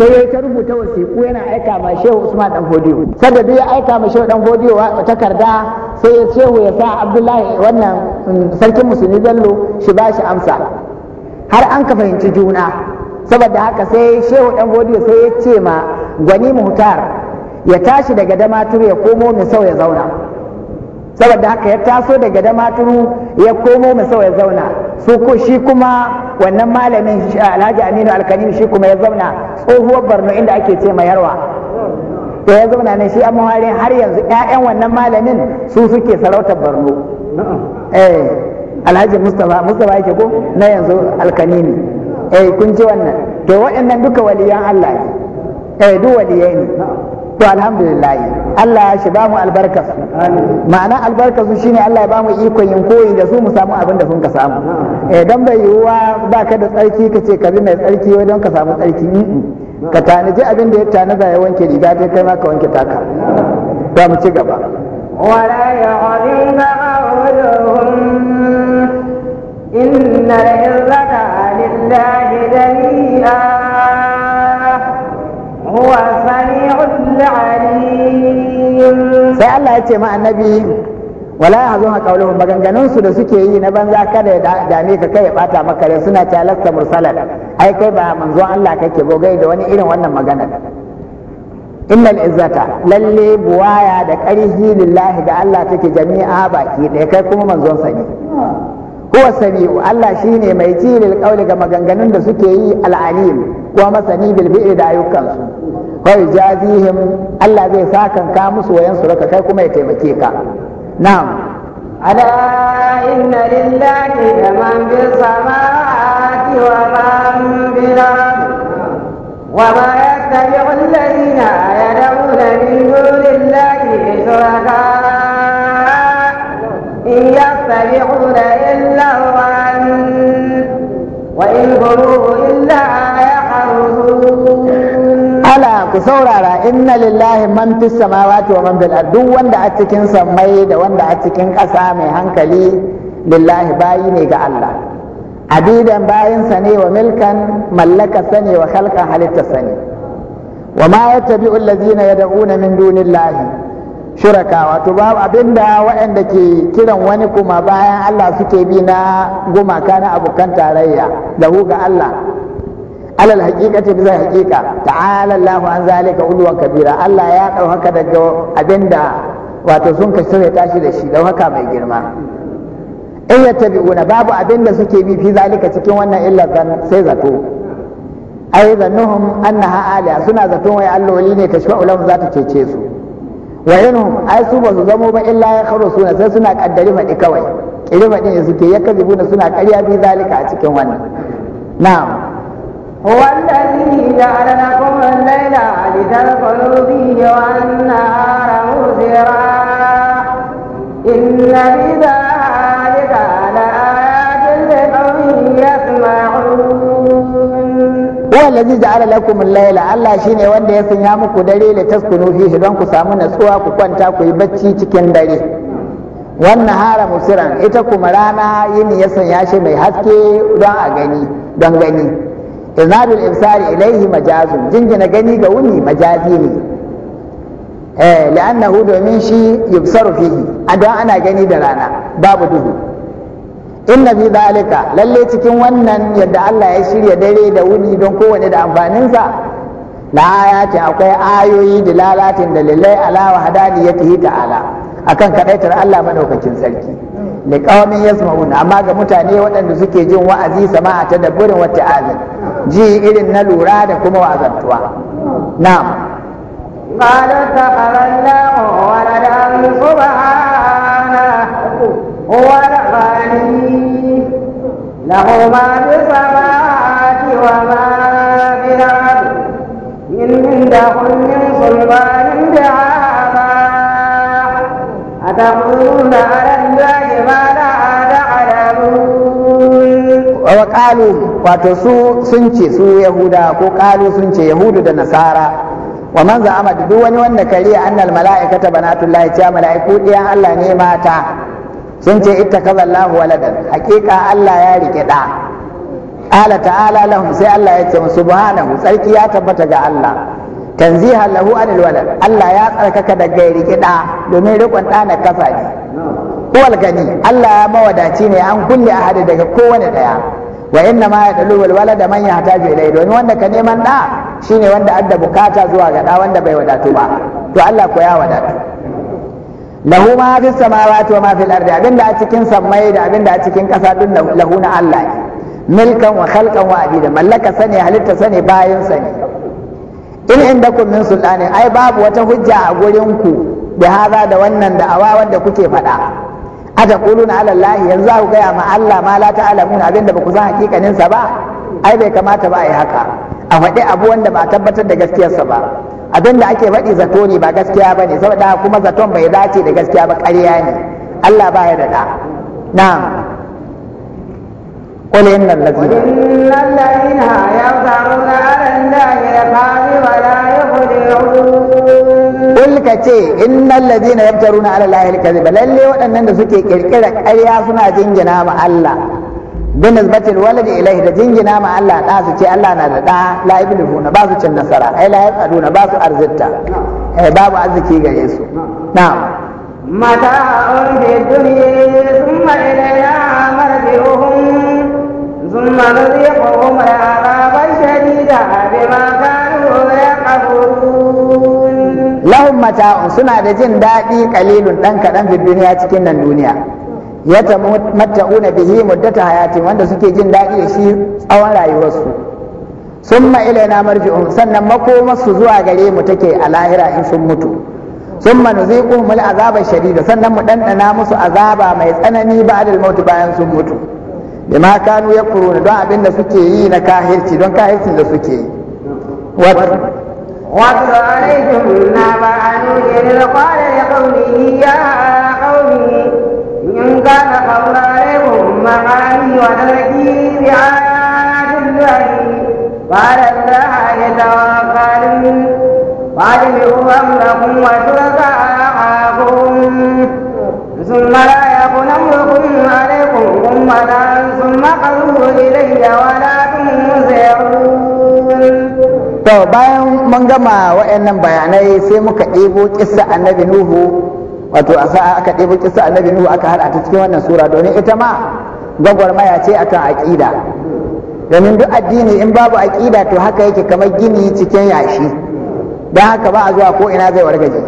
sai ya ta rubuta wasiƙu yana aika ma shehu usman dan hodiyo sanda duk ya aika ma shehu dan hodiyo takarda sai ya shehu ya sa abdullahi wannan mm, sarkin musulmi bello shi ba shi amsa har an ka fahimci juna saboda haka sai shehu dan hodiyo sai ya ce ma gwani muhtar ya tashi daga damatur ya komo sau ya zauna saboda haka ya taso daga damaturu ya komo masa ya zauna su ko shi kuma wannan malamin alhaji aminu alkanim shi kuma ya zauna tsohuwar barno inda ake ce mai yarwa da ya zauna ne shi amma har yanzu 'ya'yan wannan malamin su suke sarautar barno eh alhaji mustapha mustapha yake ko na yanzu alkanimi eh kun ji wannan to waɗannan duka waliyan allah ne eh duk waliyai ne to alhamdulillah Allah ya shi ba mu albarka ma'ana albarka su shine Allah ya ba mu ikon yin koyi da su mu samu abin da sun ka samu eh dan bai yiwuwa ba ka da tsarki ka ce ka bi mai tsarki wai don ka samu tsarki ka tanaji abin da ya tanaza ya wanke riga dai kai ma ka wanke taka ba mu ci gaba ولا يعظم قولهم إن العزة لله جميعا sai Allah ya ce ma annabi wala ya zo kauluhum maganganun su da suke yi na banza kada ya dame ka kai ya bata maka rai suna ta lasta mursalan ai kai ba manzo Allah kake bogai da wani irin wannan magana innal izzata lalle buwaya da ƙarhi lillahi ga Allah take jami'a baki ɗaya kai kuma manzon sa ne huwa sami'u Allah shine mai ji lil ga maganganun da suke yi al'alim kuma masani bil da ayyukan su fa yajazihim Allah zai sakan ka musu wayan su raka kai kuma ya taimake ka na'am ala inna lillahi man bis samawati wa man bil in وإن إلا Allah ku saurara inna lillahi man fi samawati wa duk wanda a cikin sammai da wanda a cikin ƙasa mai hankali lillahi bayi ne ga Allah abidan bayin sa ne wa milkan mallaka sa ne wa halitta sani. ne wa ma ya allazina yad'una min dunillahi shuraka wato babu abinda waɗanda ke kiran wani kuma bayan Allah suke bi na gumaka na abokan tarayya lahu ga Allah alal ce bisa haqiqa ta'ala Allahu an zalika ulwan kabira Allah ya haka daga abinda wato sun ka sai tashi da shi haka mai girma in ya yattabi'una babu abinda suke bi fi zalika cikin wannan illa sai zato ai zannuhum annaha aliya suna zaton wai alloli ne tashfa'u lahum zata ta cece su wa yanhum ai su ba su zamo ba illa ya kharo suna sai suna kaddari faɗi kawai kiri faɗin suke ya kazibuna suna ƙarya bi zalika a cikin wannan na'am هو الذي جعل لكم الليل لتدخلوا فيه والنهار مبصرا إن في ذلك لآيات لقوم يسمعون allazi ja'ala lakum al-layla Allah shine wanda ya sanya muku dare da taskunu fihi don ku samu natsuwa ku kwanta ku yi bacci cikin dare wannan hara musiran ita kuma rana yini ya sanya shi mai haske don a gani don gani iznadul ibsari ilaihi majazun jingina gani ga wuni majazi ne eh la'annahu domin shi yubsaru fihi adon ana gani da rana babu duhu inna fi dalika lalle cikin wannan yadda Allah ya shirya dare da wuni don kowane da amfaninsa la ayati akwai ayoyi dilalatin dalilai ala wa hita ta'ala akan kadaitar Allah madaukakin sarki ne kawamin yasma'una amma ga mutane waɗanda suke jin wa'azi sama'a ta dabburin wata ta'azin ji irin na lura da kuma wa'azantuwa na'am قال ولدا سبحانه هو الغني له ما في السماوات وما في الأرض إن عندهم من سلطان بهذا أتقولون على الله ما لا تعلمون وقالوا wato su sun ce su yahuda ko kalu sun ce yahudu da nasara wa man za'ama duk wani wanda kariya annal mala'ikata banatullahi ta mala'iku diyan Allah ne mata sun ce ita kaza Allahu waladan hakika Allah ya rike da ala ta'ala lahum sai Allah ya ce subhanahu sarki ya tabbata ga Allah tanziha lahu anil walad Allah ya tsarkaka daga rike da domin rikon da na kafa ne wal gani Allah ya mawadaci ne an kulli ahadi daga kowane daya wa inna ma yadlu wal walada man yahtaju ilayhi domin wanda ka neman da shine wanda adda bukata zuwa ga da wanda bai wadatu ba to Allah ko ya wadatu lahu ma fi samawati wa ma fil ardi abinda a cikin sammai da abinda a cikin kasa duk lahu na Allah ne milkan wa khalqan wa abida mallaka sani halitta sani bayin sani in indakum min sultani ai babu wata hujja a gurin ku da haza da wannan da awa wanda kuke faɗa ata quluna ala Allah yanzu ku gaya ma Allah ma la alamu abinda ba ku san hakikanin sa ba ai bai kamata ba ai haka a faɗi abu wanda ba tabbatar da gaskiyarsa ba abin da ake faɗi zato ne ba gaskiya ba ne saboda kuma zaton bai dace da gaskiya ba ƙarya ne Allah ba ya da ɗa na'am قل إن الذين إن الذين يفترون على الله na ولا يفلحون قل كتي إن الذين يفترون على الله الكاذب suke ƙirƙirar ƙarya suna jingina ma Allah bin nisbatil waladi ilahi da jingina ma Allah da su ce Allah na da da la huna ba su cin nasara ai la kaduna ba su arzitta eh babu arziki gare su na'am mata'un fi dunya thumma ilayna marji'uhum thumma nudhiquhum al'adaban shadida bima kanu yaqulun lahum mata'un suna da jin daɗi kalilun dan kaɗan fi duniya cikin nan duniya ya matauna bihi muddata hayatin wanda suke jin daɗi da shi tsawon rayuwarsu summa na marji'un sannan su zuwa gare mu take a lahira in sun mutu Sun summa nuziquhum al'azaba shari'a, sannan mu dandana musu azaba mai tsanani ba'dal maut bayan sun mutu bima kanu yakfuruna don abin da suke yi na kahirci don kahircin da suke yi واتل عليكم نبأ ya إذ ya لقومه يا قومي كان قول عليهم مغاني ونرجي بعاد الله قال الله يتوفى واجمعوا أمركم وشركاءكم ثم لا يكن أمركم عليكم أمة ثم قلوا إلي ولا To bayan mun gama waɗannan bayanai sai muka ɗebo kissa annabi Nuhu wato a sa'a aka ɗebo kisa annabi nuhu aka hada ta cikin wannan sura domin ita ma gwagwarmaya ce akan aƙida domin duk addini in babu aƙida to haka yake kamar gini cikin yashi don haka ba a zuwa ko ina zai wargaji.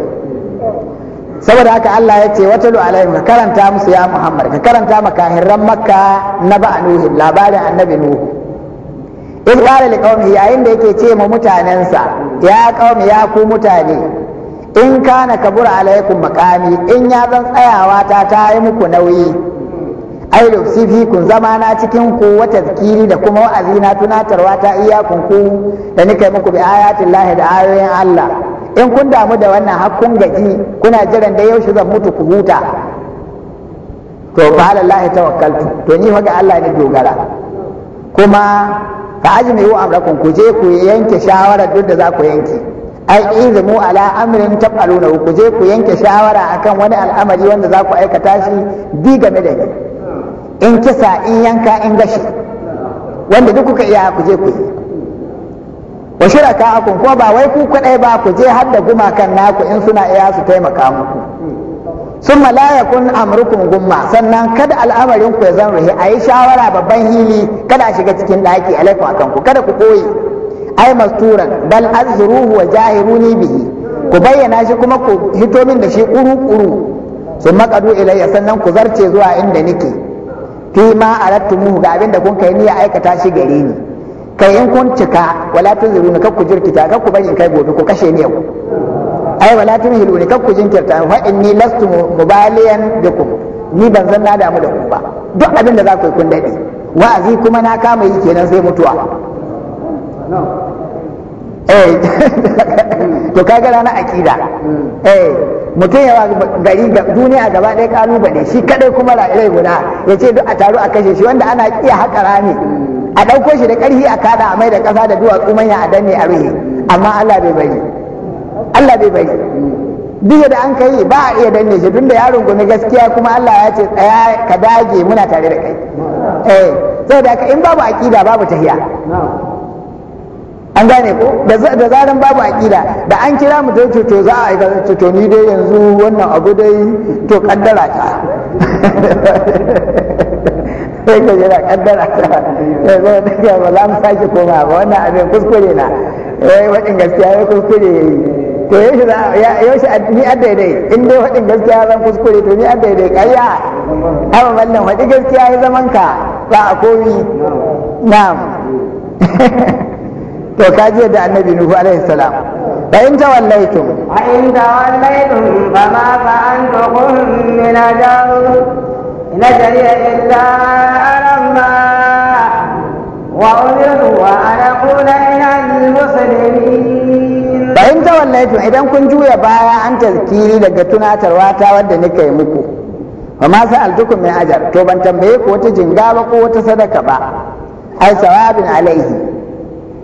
saboda haka Allah ya ce watalu alaihim ka karanta musu ya Muhammad ka karanta makahirran makka na ba nuhu labarin annabi nuhu in qala liqaumihi yayin da yake ce ma mutanensa ya qaumi ya ku mutane in kana kabura alaikum makami in ya zan tsayawa ta ta yi muku nauyi ai fi kun zama na cikin ku wa zikiri da kuma wa'azi na tunatarwa ta iyakun ku da nika muku bi ayatin lahi da ayoyin Allah in kun damu da wannan hakkun gaji kuna jiran da yaushe zan mutu ku huta to fa lahi tawakkaltu to ni ga Allah ne dogara kuma yi wa amrakum ku je ku yanke shawarar duk da za ku yanke ai izmu ala amrin taf'aluna ku je ku yanke shawara akan wani al'amari wanda za ku aikata shi bi game da ni in kisa in yanka in gashi wanda duk kuka iya ku je ku yi wa shiraka akun ko ba wai ku kadai ba ku je har da gumakan naku in suna iya su taimaka muku summa la yakun amrukum gumma sannan kada al'amarin ku ya zama ruhi ayi shawara babban hili kada a shiga cikin daki alaikum akan ku kada ku koyi ai masturan bal azruhu wa jahiruni bihi ku bayyana shi kuma ku hito min da shi kuru kuru sun makadu ilayya sannan ku zarce zuwa inda nake fi ma mu ga abin da kun kai niyya aikata shi gare ni kai in kun cika wala tunziruni kar ku jirkita kar ku bari in kai gobe ku kashe ni yau ai wala tunhiluni kar ku jinkirta fa inni lastu mubaliyan bikum ni ban zan na damu da ku ba duk abin da za ku yi kun dade wa'azi kuma na kama yi kenan sai mutuwa eh to kaga na akida eh mutum yawa gari ga duniya gaba ɗaya kalubale shi kaɗai kuma rai guda ya ce duk a taru a kashe shi wanda ana iya haƙa rami a ɗauko shi da ƙarfi a kada a mai da ƙasa da duwatsu manya a danne a ruhe amma Allah bai bari Allah bai bari duk da an kai ba a iya danne shi tunda ya rungumi gaskiya kuma Allah ya ce tsaya ka dage muna tare da kai eh saboda haka in babu akida babu tahiya an gane ko da zaran babu aƙida da an kira mu dai to za a aikata to ni dai yanzu wannan abu dai to kaddara ta sai ka jira kaddara ta ya zo da ya ba lam mu sake ma ba wannan abin kuskure na eh wadin gaskiya ya kuskure to yaushe za yaushe ni adda dai? in dai wadin gaskiya zan kuskure to ni a dai kayya amma wannan wadin gaskiya ya zaman ka ba a komi na'am to ka ji da annabi nuhu alaihi salam fa in tawallaitum fa in tawallaitum fa ma fa'antukum min ajab in jariya illa ala allah wa umiru wa ana qula min muslimin fa in tawallaitum idan kun juya baya an tazkiri daga tunatarwa ta wadda nake muku fa ma sa'altukum min ajar to ban tambaye ku wata jinga ba ko wata sadaka ba ai sawabin alaihi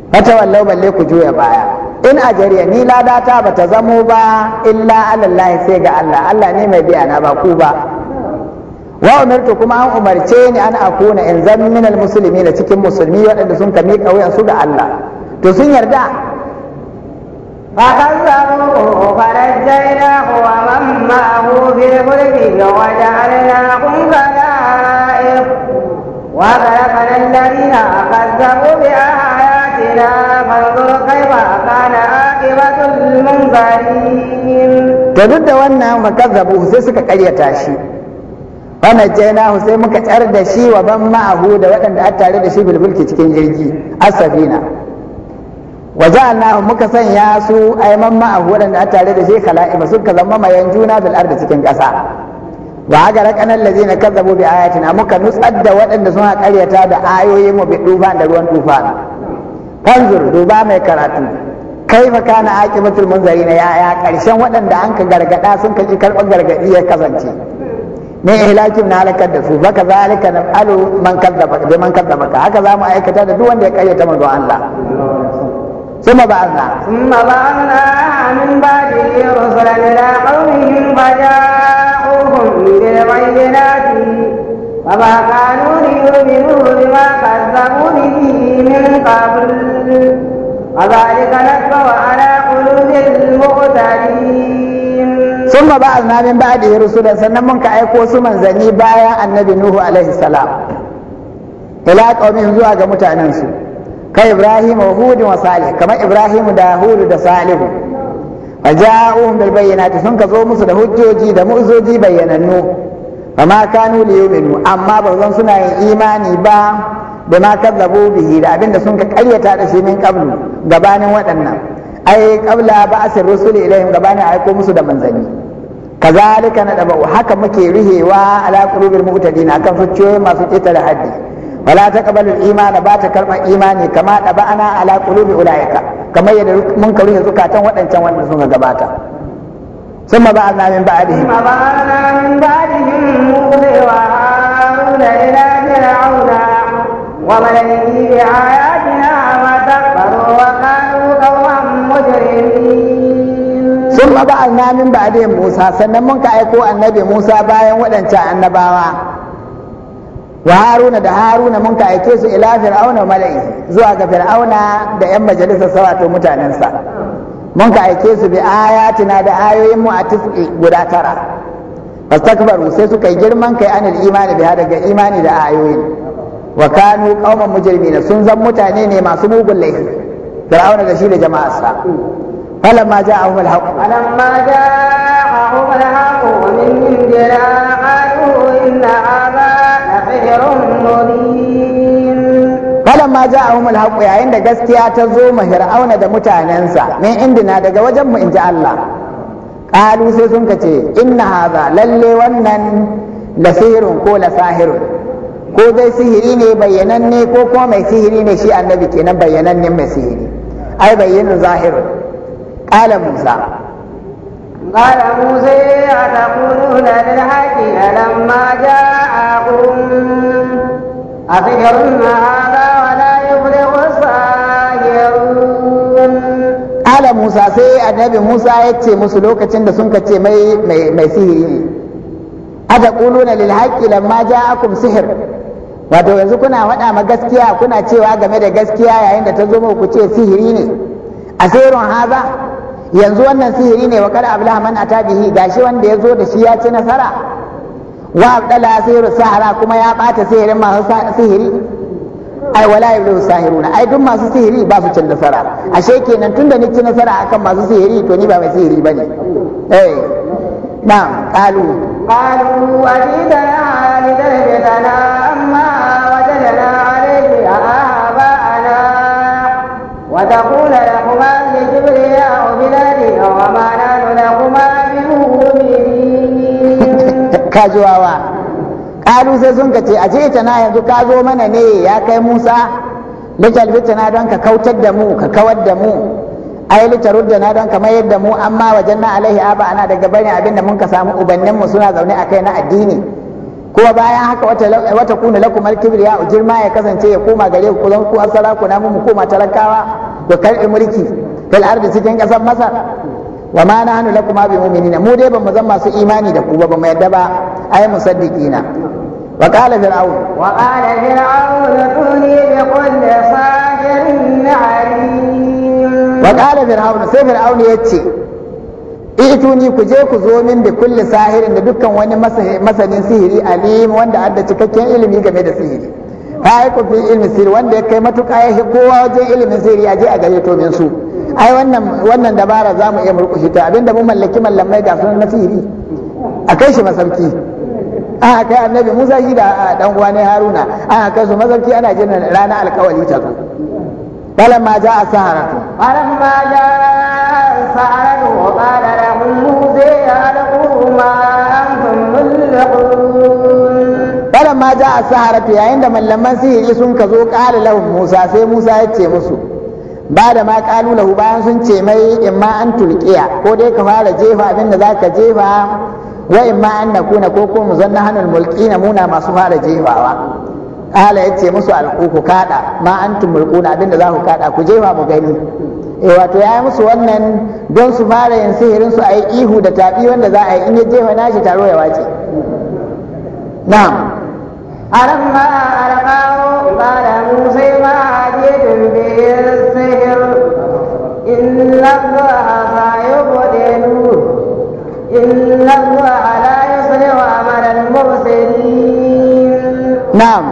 fata wallau balle ku juya baya in a ajariya ni ladata ba ta zamo ba illa alallahi sai ga Allah Allah ne mai biya na ba ku ba wa umirtu kuma an umarce ni an akuna in zan min musulmi da cikin musulmi waɗanda sun ka miƙa wuyan su ga Allah to sun yarda فكذبوه فنجيناه ومن معه في الفلك وجعلناهم خلائق وغرقنا الذين كذبوا بآياتنا علينا فانظر كيف كان عاقبة المنذرين to duk da wannan zabu, sai suka karyata shi wannan jaina sai muka tsar da shi wa ban ma'ahu da waɗanda a tare da shi bilbilki cikin jirgi Asabina. wa za a ja'alnahu muka sanya su aiman ma'ahu waɗanda a tare da shi khala'iba suka zama mayan juna bil da cikin ƙasa Ba a wa aga raqanan allazina kazzabu bi ayatina muka nutsar da waɗanda suna karyata da ayoyin mu bi dufan da ruwan dufan fanzur duba mai karatu kai fa kana aqibatul munzarina ya ya karshen waɗanda an ka gargada sun kaji karɓar gargadi ya kasance ne ihlakin na halakar da su ba ka zalika na alu man kazzaba bi man kazzaba ka haka zamu aikata da duk wanda ya karyata manzo Allah ثم بعثنا ثم بعثنا من بعده رسلا الى قومهم فجاءوهم بالبينات وما كانوا ليؤمنوا بما كذبوا به من قبل وذلك نتبع على قلوب المعتدين ثم بعثنا من بعده رسولا sannan mun ka aiko su manzanni bayan annabi nuhu alaihi salam ila qaumihim zuwa ga mutanensu ka ibrahim wa hud wa salih kamar ibrahim da hud da salihu wa ja'uhum bil bayyinati sun ka zo musu da hujjoji da mu'izoji bayyanannu ma kanu liyuminu amma ba zan suna yin imani ba bima kazzabu bihi da abinda sun ka karyata da shi min qablu gabanin waɗannan ai qabla ba'sir rusul ilaihim gabanin aiko musu da manzanni kazalika na dabu haka muke rihewa ala qulubil mu'tadin akan fuciyoyi masu ita da haddi wala taqbalu iman ba ta karba imani kama daba'ana ala qulubi ulaika kamar yadda mun ka rihe zukatan waɗancan wanda sun gabata ثم بعدنا من بعدهم بعدنا من بعدهم مغزي ومن بآياتنا فاستكبروا وكانوا قوما مجرمين ثم بعثنا من بعدهم موسى sannan mun ka aiko annabi Musa bayan waɗancan annabawa wa haruna da haruna mun ka aike su ila fir'auna mala'i zuwa ga fir'auna da yan majalisar sa wato mutanensa mun ka aike su bi ayatina da ayoyin mu a tis'i guda tara fastakbaru sai suka yi girman kai anil imani biha daga imani da ayoyin wa kanu qauman mujrimina sun zan mutane ne masu mugun laifi fir'auna da shi da jama'arsa falamma ja'ahum al-haq falamma ja'ahum al-haq min indina inna aba lafihrun mubin falamma ja'ahum al-haq yayin da gaskiya ta zo ma fir'auna da mutanensa min indina daga wajen mu inji Allah qalu sai sun kace inna hadha lalle wannan lasirun ko lasahirun ko zai sihiri ne bayyananne ko kuma mai sihiri ne shi annabi kenan ne mai sihiri ai bayyanin zahirin qala musa قال موسى أتقولون للحق لما جاءكم أسحر هذا ولا يفلح الساحرون قال موسى سي النبي موسى يتي musu lokacin da sun kace mai mai sihiri أتقولون للحق لما جاءكم سحر wato yanzu kuna faɗa ma gaskiya kuna cewa game da gaskiya yayin da ta zo ku ce sihiri ne asirun haza yanzu wannan sihiri ne wa kada abulah man atabihi gashi wanda ya zo da shi ya ci nasara wa abdala asiru sahara kuma ya bata sihirin masu sihiri ai wala yabdu sahiruna ai duk masu sihiri ba su cin nasara ashe kenan tunda ni ci nasara akan masu sihiri to ni ba mai sihiri bane eh na'am qalu qalu wa idana kajuwawa ƙalu sai sun ka ce a ce na yanzu ka zo mana ne ya kai musa litalbita na don ka kautar da mu ka kawar da mu ai lita da na don ka mayar da mu amma wajen na alaihi aba ana daga barin abin da mun ka samu ubanninmu suna zaune a kai na addini kuma bayan haka wata wata kuna lakum alkibriya girma ya kasance ya koma gare ku zan ku asala ku na mu koma talakawa ku karbi mulki fil ardi cikin kasar masar wa ma hannu lakuma bi mu'minina mu dai ba mu zama masu imani da ku ba mu yadda ba ai musaddiqina wa qala fir'aun wa qala fir'aun tuni bi kulli sajin alim wa qala fir'aun sai fir'aun yace ituni ku je ku zo min da kulli sahirin da dukkan wani masanin sihiri alim wanda adda cikakken ilimi game da sihiri ta yi kufin ilmin sihiri wanda ya kai matuƙa ya kowa wajen ilimin sihiri a je a gayyato min su ai wannan wannan dabara za mu iya murƙushe ta abinda mu mallaki mallamai ga sunan nasiri a kai shi masarki an haka annabi musa shi da a dan uwa ne haruna an haka su masauki ana jin rana alƙawari ta zo Balan ma za ja'a sahara Balan ma za ja'a sahara wa qala lahum musa ya alqu ma antum mulqun falan ma ja'a yayin da mallaman sihiri sun ka zo qala musa sai musa ya ce musu ba da ma kalu lahu bayan sun ce mai in ma an tulkiya ko dai ka fara jefa abin da zaka jefa wa in ma an nakuna ko ko mu zanna hanul na muna masu fara jefawa ala yace musu alquku kada ma antum mulkuna abin da za ku kada ku jefa mu gani eh wato ya yi musu wannan don su fara yin sihirin su a yi ihu da tabi wanda za a yi in ya jefa nashi taro ya wace na'am فلما ألقاه قال موسى ما جئتم به السحر إن الله إن الله لا يصلح عمل المرسلين نعم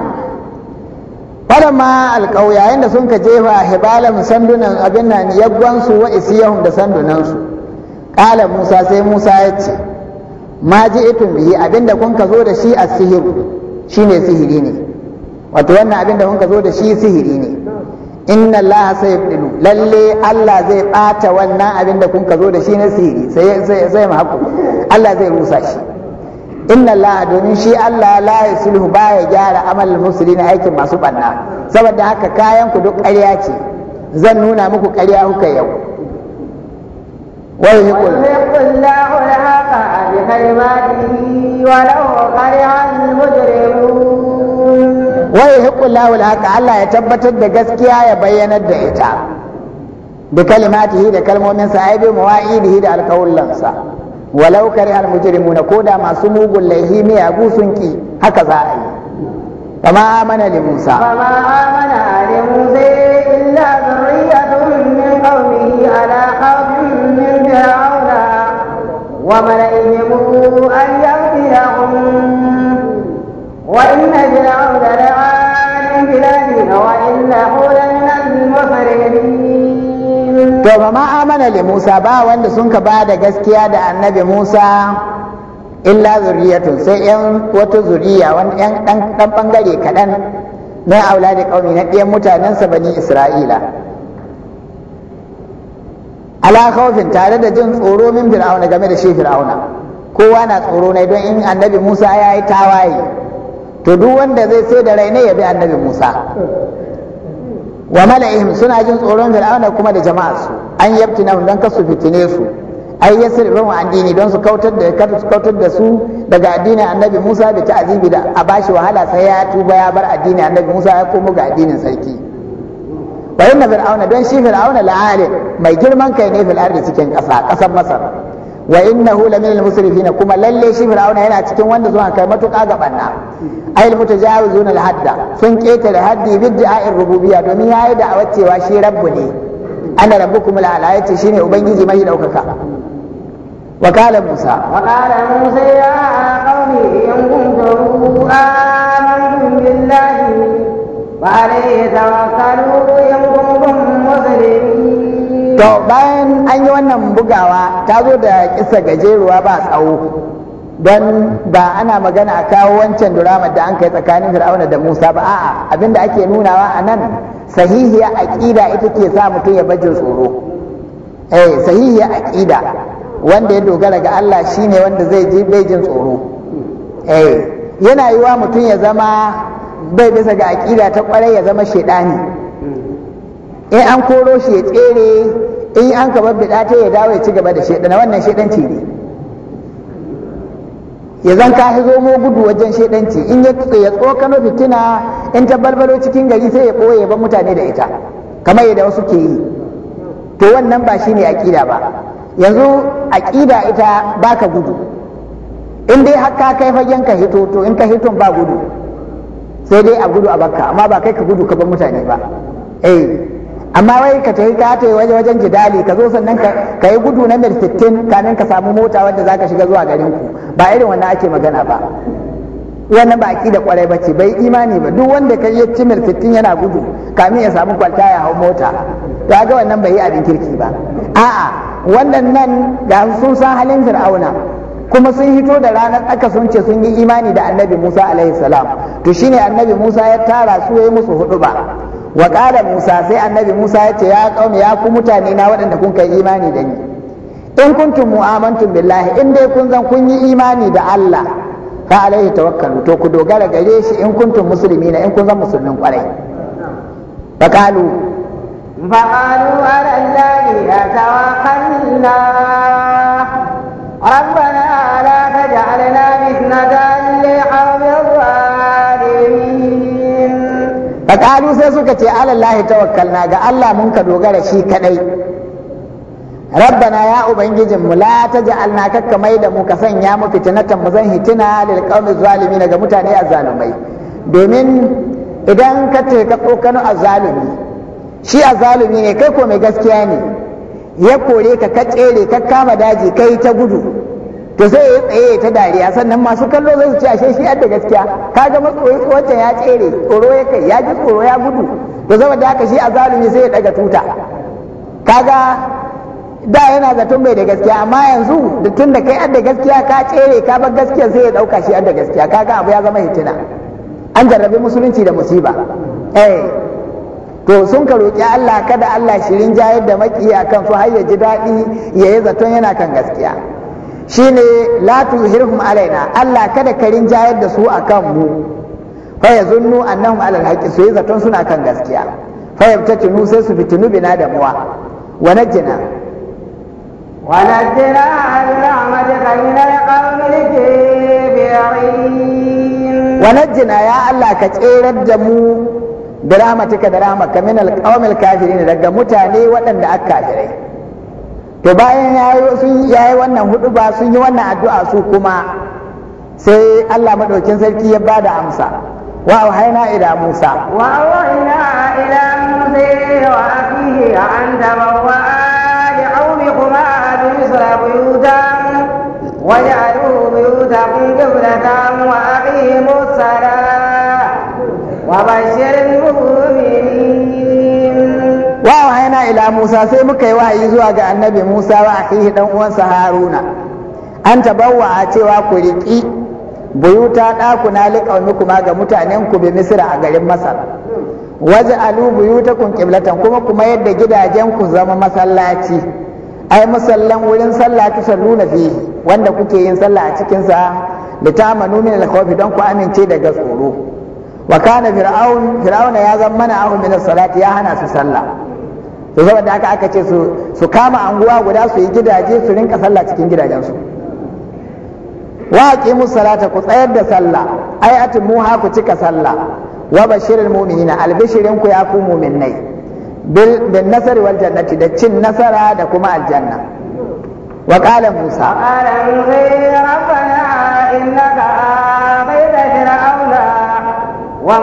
alƙau yayin da sun ka jefa hibalam sandunan abin nan yagwansu wa isiyahum da sandunansu ƙala musa sai musa ya ce ma ji itun bihi abin da kun ka zo da shi a sihiru Shi ne sihiri ne wato wannan abin da kun ka zo da shi sihiri ne inna allaha sayabdilu lalle Allah zai bata wannan abin da kun ka zo da shi na sihiri sai sai sai mahakku Allah zai rusa shi inna allaha domin shi Allah la ba baya gyara amal muslimin aikin masu banna saboda haka kayan ku duk ƙarya ce zan nuna muku ƙarya kuka yau wa ilaha wai hukun lawul haka Allah ya tabbatar da gaskiya ya bayyanar da ita da kalimati da kalmominsa ai bi mawa'i da hi da alkawullansa walau kare al mujrimu na koda masu mugun laihi mai agu ki haka za a yi kama amana li musa kama amana li musa illa zuriyatun min qawmihi ala qawmin min fir'aun وملئهم أن يغفرهم وإن فرعون في وإنه لمن to ba ma amana li Musa ba wanda sun ka ba da gaskiya da annabi Musa illa zuriyatun sai yan wata zuriya wani yan dan bangare kaɗan na aula da ƙauni na ɗayan mutanensa bani Isra'ila ala khawfin tare da jin tsoro min fir'auna game da shi fir'auna kowa na tsoro ne don in annabi Musa ya yi tawaye to duk wanda zai sai da rai ya bi annabi Musa wa mala'ihim suna jin tsoron fir'auna kuma da jama'arsu an yabtina don kasu fitine su ai yasir bin addini don su kautar da kautar da su daga addinin annabi Musa da ta'azibi da a bashi wahala sai ya tuba ya bar addinin annabi Musa ya komo ga addinin sarki fa inna fir'auna don shi fir'auna la'ali mai girman kai ne fil ardi cikin ƙasa ƙasar masar wa innahu la min al kuma lalle shi fir'auna yana cikin wanda zuwa kai matuka ga banna ayil mutajawizuna al-hadda sun ketare haddi bid'a'ir rububiyya domin yayi da cewa shi rabbu ne ana rabbukum al-a'la yace shine ubangiji mai daukaka wa qala musa wa musa ya qaumi in kuntum amantum billahi to bayan an yi wannan bugawa ta zo da kisa gajeruwa ba tsawo don ba ana magana a kawo wancan duramar da an kai tsakanin fir'auna da musa ba a'a abinda ake nunawa a nan sahihiyar aƙida ita ke sa mutum ya bajin tsoro eh sahihiyar aƙida wanda ya dogara ga Allah shine wanda zai ji bejin jin tsoro eh yana yiwa mutum ya zama bai bisa ga aƙida ta ƙwarai ya zama shaidani in an koro shi ya tsere in an ka babbida ta ya dawo ya ci gaba da shaidana wannan shaidanci ne ya zan ka zo mu gudu wajen shaidanci in ya ya tsokano fitina in ta balbalo cikin gari sai ya ɓoye ba mutane da ita kamar yadda wasu ke yi to wannan ba shi ne aƙida ba yanzu aƙida ita baka gudu in dai har ka kai fagen ka hito to in ka hiton ba gudu sai dai a gudu a bakka amma ba kai ka gudu ka bar mutane ba eh amma wai ka tafi ka tafi waje wajen jidali ka zo sannan ka yi gudu na mil 60 kanin ka samu mota wadda zaka shiga zuwa garin ku ba irin wannan ake magana ba wannan ba da kwarai ce bai imani ba duk wanda kai ya ci mil yana gudu kamin ya samu kwalta ya hau mota ya ga wannan bai yi abin kirki ba a'a wannan nan da sun san halin fir'auna kuma sun hito da ranar aka sun ce sun yi imani da annabi Musa alaihi salam to shine annabi Musa ya tara su yi musu hudu ba wa ƙara Musa sai annabi Musa ya ce ya kaumi ya ku mutane na waɗanda kun kai imani da ni in kuntum mu'amantum billahi in dai kun zan kun yi imani da Allah fa alaihi tawakkalu to ku dogara gare shi in kuntum na in kun zan musulmin kwarai fa qalu fa qalu ala allahi tawakkalna ربنا faƙalu sai suka ce alallahi tawakkalna ga Allah mun ka dogara shi kadai rabbana ya ubangijin mu la taj'alna kakka mai da mu ka sanya mu fitinatan mu zan hitina lil qaumi zalimin ga mutane azzalumai domin idan ka ce ka tsokano azzalumi shi azzalumi ne kai ko mai gaskiya ne ya kore ka ka tsere ka kama daji kai ta gudu to sai ya tsaye ta dariya sannan masu kallo zai su ce ashe shi da gaskiya kaga matsoyi wancan ya tsere tsoro ya kai ya ji tsoro ya gudu to zama da haka shi azalumi sai ya daga tuta kaga da yana zaton bai da gaskiya amma yanzu da tun da kai da gaskiya ka tsere ka bar gaskiya sai ya dauka shi da gaskiya kaga abu ya zama hitina an jarrabe musulunci da musiba eh to sun ka roƙi Allah kada Allah shirin jayar da maki akan su har ya ji daɗi ya zaton yana kan gaskiya shine la tuzhirhum alaina Allah kada ka rinjayar da su akan mu fa zunnu annahum ala alhaqi su zaton suna kan gaskiya fa nu, sai su fitinu bina da muwa wa najjina wa najjina rahmatika min alqawmil kafirin wa najjina ya Allah ka tserar da mu da rahmatika da rahmatka min alqawmil kafirin daga mutane waɗanda aka kafirai to bayan ya yi wannan hudu ba sun yi wannan addu'a su kuma sai Allah madaukin sarki ya bada amsa wa auhayna ila Musa wa auhayna ila Musa wa akhihi an tabawwa li qaumikuma bi Misra buyuta, wa ja'alu buyutakum qiblatan wa aqimu as-salah wa bashiril mu'minin wa ila Musa sai muka yi wahayi zuwa ga annabi Musa wa akhihi dan uwansa Haruna an wa a cewa ku riki buyuta na ɗakuna ma ga mutanen ku bi Misra a garin Masar waje alu kun ƙiblatan kuma kuma yadda gidajen ku zama masallaci ai musallan wurin sallah ta salluna fi wanda kuke yin sallah a cikin sa manu min al-khawfi don ku amince daga tsoro wa kana fir'aun fir'auna ya zama mana ahu min as-salati ya hana su sallah to saboda haka aka ce su su kama anguwa guda su yi gidaje su rinka sallah cikin gidajensu wa aqimu salata ku tsayar da sallah ay ha ku cika sallah wa shirin mu'minina albashirin ku ya ku mu'minai bil bin nasari wal jannati da cin nasara da kuma aljanna wa qala musa qala rabbana innaka wa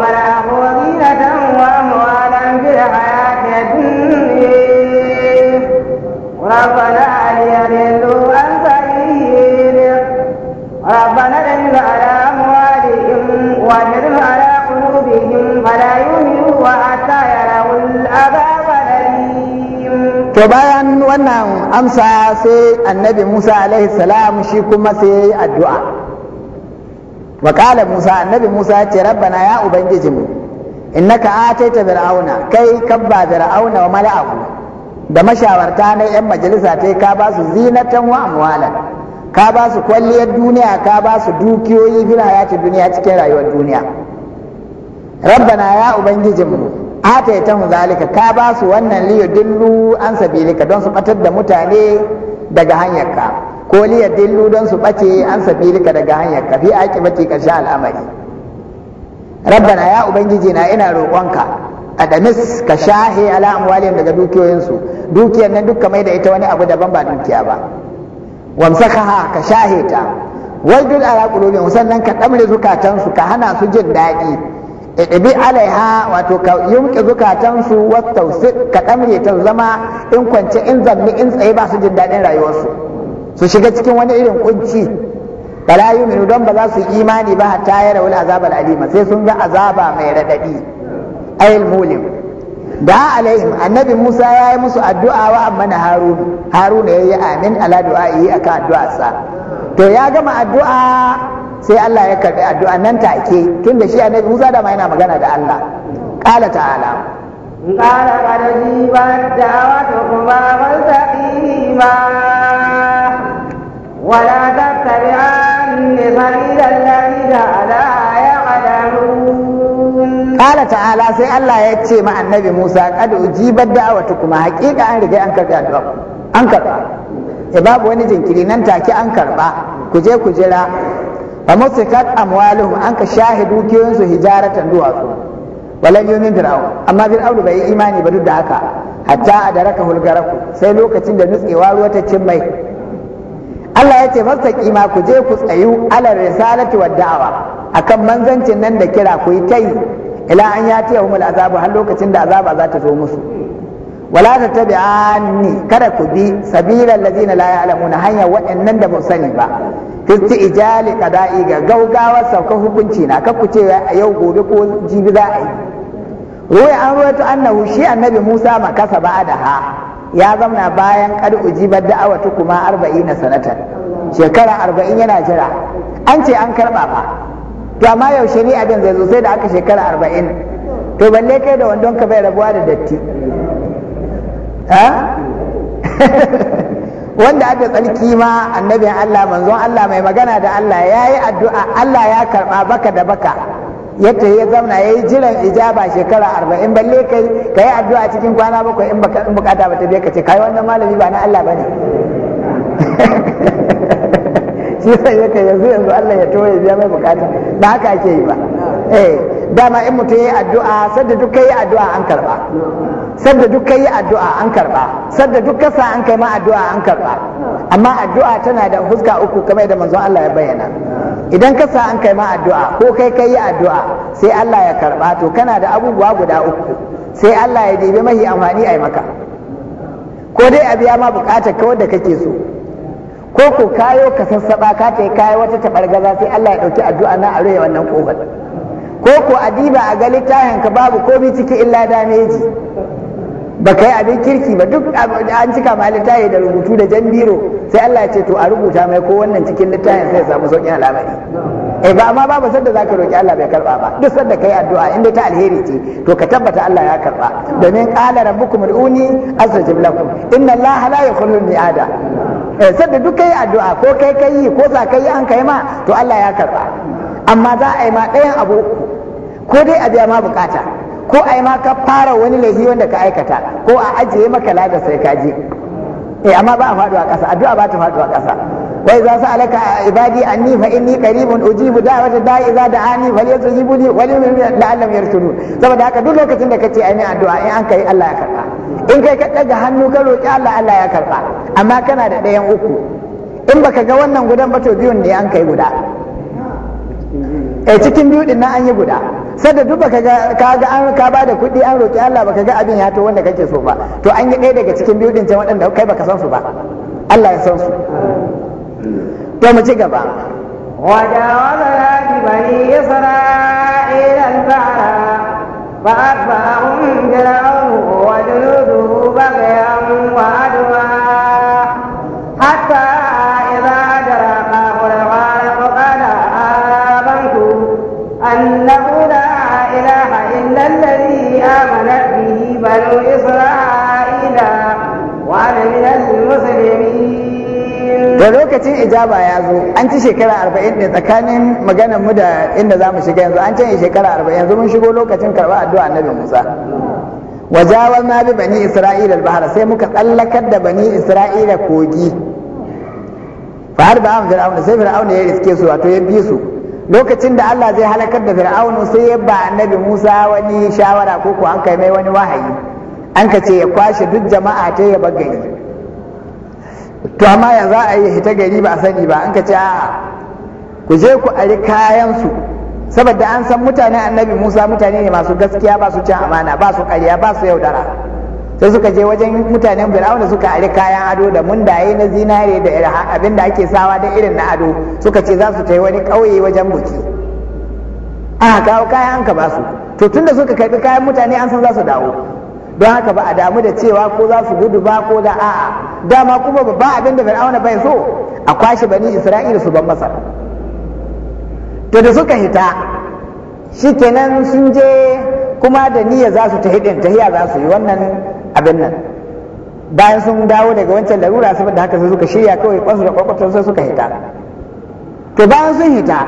to bayan wannan amsa sai annabi musa alaihi salam shi kuma sai ya addu'a wa kala musa annabi musa ya ce rabbana ya ubangijinmu innaka ataita fir'auna kai kabba fir'auna wa mala'ahu da mashawarta na yan majalisa ta ka ba su zinatan wa amwala ka ba su kwalliyar duniya ka ba su dukiyoyi fil hayati duniya cikin rayuwar duniya rabbana ya ubangijinmu ataitahum zalika ka ba su wannan liyo dillu an sabilika don su batar da mutane daga hanyarka ko li dillu don su bace an sabilika daga hanyarka fi aqibati ka sha al'amari rabbana ya ubangiji na ina roƙonka adamis ka shahe ala amwalin daga dukiyoyinsu dukiyar nan duka mai da ita wani abu daban ba dukiya ba wamsakaha ka shahe ta wai ala sannan ka damre zukatansu ka hana su jin daɗi ibi alaiha wato ka yumke zukatansu wasu tausir ka ɗamre ta zama in kwance in zanni in tsaye ba su jin daɗin rayuwarsu su shiga cikin wani irin kunci bala yuminu don ba za su imani ba hatta ya wani azabal alima sai sun ga azaba mai raɗaɗi ayil mulim da alaihim annabi musa ya yi musu addu'a wa amma na haruna haruna ya yi amin ala du'a yi akan addu'arsa to ya gama addu'a sai Allah ya karbi addu'a nan take da shi annabi Musa da ma yana magana da Allah qala ta'ala قال قد جيبت دعوتكما فاستقيما ولا تتبعن سبيل الذين لا Kala ta'ala sai Allah ya ce ma annabi Musa kada ujibar da'awatu kuma hakika an riga an karɓi addu'a an karɓa e babu wani jinkiri nan take an karɓa ku je ku jira a musikat amwaluhum an ka shahi dukiyoyinsu hijaratan duwatsu walan yumin fir'aun amma fir'aun bai yi imani ba duk da haka hatta adaraka hulgaraku sai lokacin da nutsewa ruwa ta cin mai Allah ya ce fastaki ma ku je ku tsayu ala risalati wa da'awa akan manzancin nan da kira ku yi tai ila an ya tiya humul azabu har lokacin da azaba za ta zo musu wala ta tabi'ani kada ku bi sabilan lazina la ya'lamuna hanya waɗannan da ba sani ba fisti ijali kada'i ga gaugawa saukar hukunci na ka kuce yau gobe ko jibi za a yi ruwa an ruwaito annahu shi annabi musa makasa ba da ha ya zamna bayan kad ujibar da'awatu kuma arba'ina sanatar. shekara arba'in yana jira an ce an karba fa to amma yau shari'a din zai zo sai da aka shekara arba'in to balle kai da wandon ka bai rabuwa da datti wanda aka tsarki ma annabin Allah manzon Allah mai magana da Allah ya yi addu'a Allah ya karɓa baka da baka yadda ya zauna ya yi jiran ijaba shekara arba'in balle kai ka yi addu'a cikin kwana bakwai in baka in bukata ba ta biya ka ce kai wannan malami ba na Allah ba ne shi sai yake yanzu yanzu Allah ya toye biya mai bukata ba haka ake yi ba eh dama in mutum yi addu'a sadda duk yi addu'a an karba sadda duk yi addu'a an karba sadda duk kasa an kai ma addu'a an karba amma addu'a tana da fuska uku kamar da manzon Allah ya bayyana idan kasa an kai ma addu'a ko kai kai addu'a sai Allah ya karba to kana da abubuwa guda uku sai Allah ya dibe mahi amfani yi maka ko dai a biya ma bukatar ka da kake so ko ko kayo ka sassaba ka ta kayo wata tabargaza sai Allah ya dauki addu'a na a wannan kofar ko ko adiba a ga littafin ka babu komai ciki illa dameji ba kai abin kirki ba duk an cika ma littafi da rubutu da jan biro sai Allah ya ce to a rubuta mai ko wannan cikin littafin sai ya samu sauƙin al'amari eh ba amma babu sanda zaka roki Allah bai karba ba duk sanda kai addu'a inda ta alheri ce to ka tabbata Allah ya karba domin qala rabbukum ud'uni astajib lakum inna Allah la yukhlifu al-mi'ada eh sanda duk kai addu'a ko kai kai ko za kai an kai ma to Allah ya karba amma za a yi ma ɗayan abu ko dai a biya ma bukata ko a yi ma ka fara wani laifi wanda ka aikata ko a ajiye maka lada sai ka je eh amma ba a faduwa ƙasa addu'a ba ta faduwa ƙasa wai za su alaka ibadi anni fa inni qaribun ujibu da'wata da'i idza da'ani falyajibuni wa la'allam yarshudun saboda haka duk lokacin da kace ai ne addu'a in an kai Allah ya karba in kai ka daga hannu ka roki Allah Allah ya karba amma kana da ɗayan uku in baka ga wannan gudan ba to biyun ne an kai guda eh cikin biyu din na an yi guda sada duk baka ga ka ga an ka bada kuɗi an roki Allah baka ga abin ya to wanda kake so ba to an yi ɗaya daga cikin biyu din waɗanda kai baka san su ba Allah ya san su to mu ci gaba وجاوزنا ببني إسرائيل البحر فأتبعهم فرعون وجنوده بغيا lokacin ijaba ya zo an ci shekara arba'in ne tsakanin maganar mu da inda za mu shiga yanzu an canye shekara arba'in yanzu mun shigo lokacin karɓar addu'a annabi musa Wajawar na bi bani isra'ila bahara sai muka tsallakar da bani isra'ila kogi fa har ba'am fir'auna sai fir'auna ya riske su wato ya bi su lokacin da Allah zai halakar da fir'auna sai ya ba annabi musa wani shawara ko ko an kai mai wani wahayi an ka ce ya kwashe duk jama'a ta ya bar gani. to amma ya za a yi hita gari ba a sani ba an ka ce a ku je ku ari kayansu saboda an san mutane annabi musa mutane ne masu gaskiya ba su cin amana ba su ƙarya ba su yaudara sai suka je wajen mutanen da suka ari kayan ado da mundaye na zinare da abin da ake sawa da irin na ado suka ce za su ta wani ƙauye wajen buki a kawo kayan ka ba su to tunda suka karbi kayan mutane an san za su dawo don haka ba a damu da cewa ko za su gudu ba ko da a'a dama kuma ba abin da fir'auna bai so a kwashe bani isra'ila su ban masar to da suka hita shi kenan sun je kuma da niyya za su tahi din tahiya za su yi wannan abin nan bayan sun dawo daga wancan larura saboda haka sai suka shirya kawai kwansu da kwakwatan sai suka hita to bayan sun hita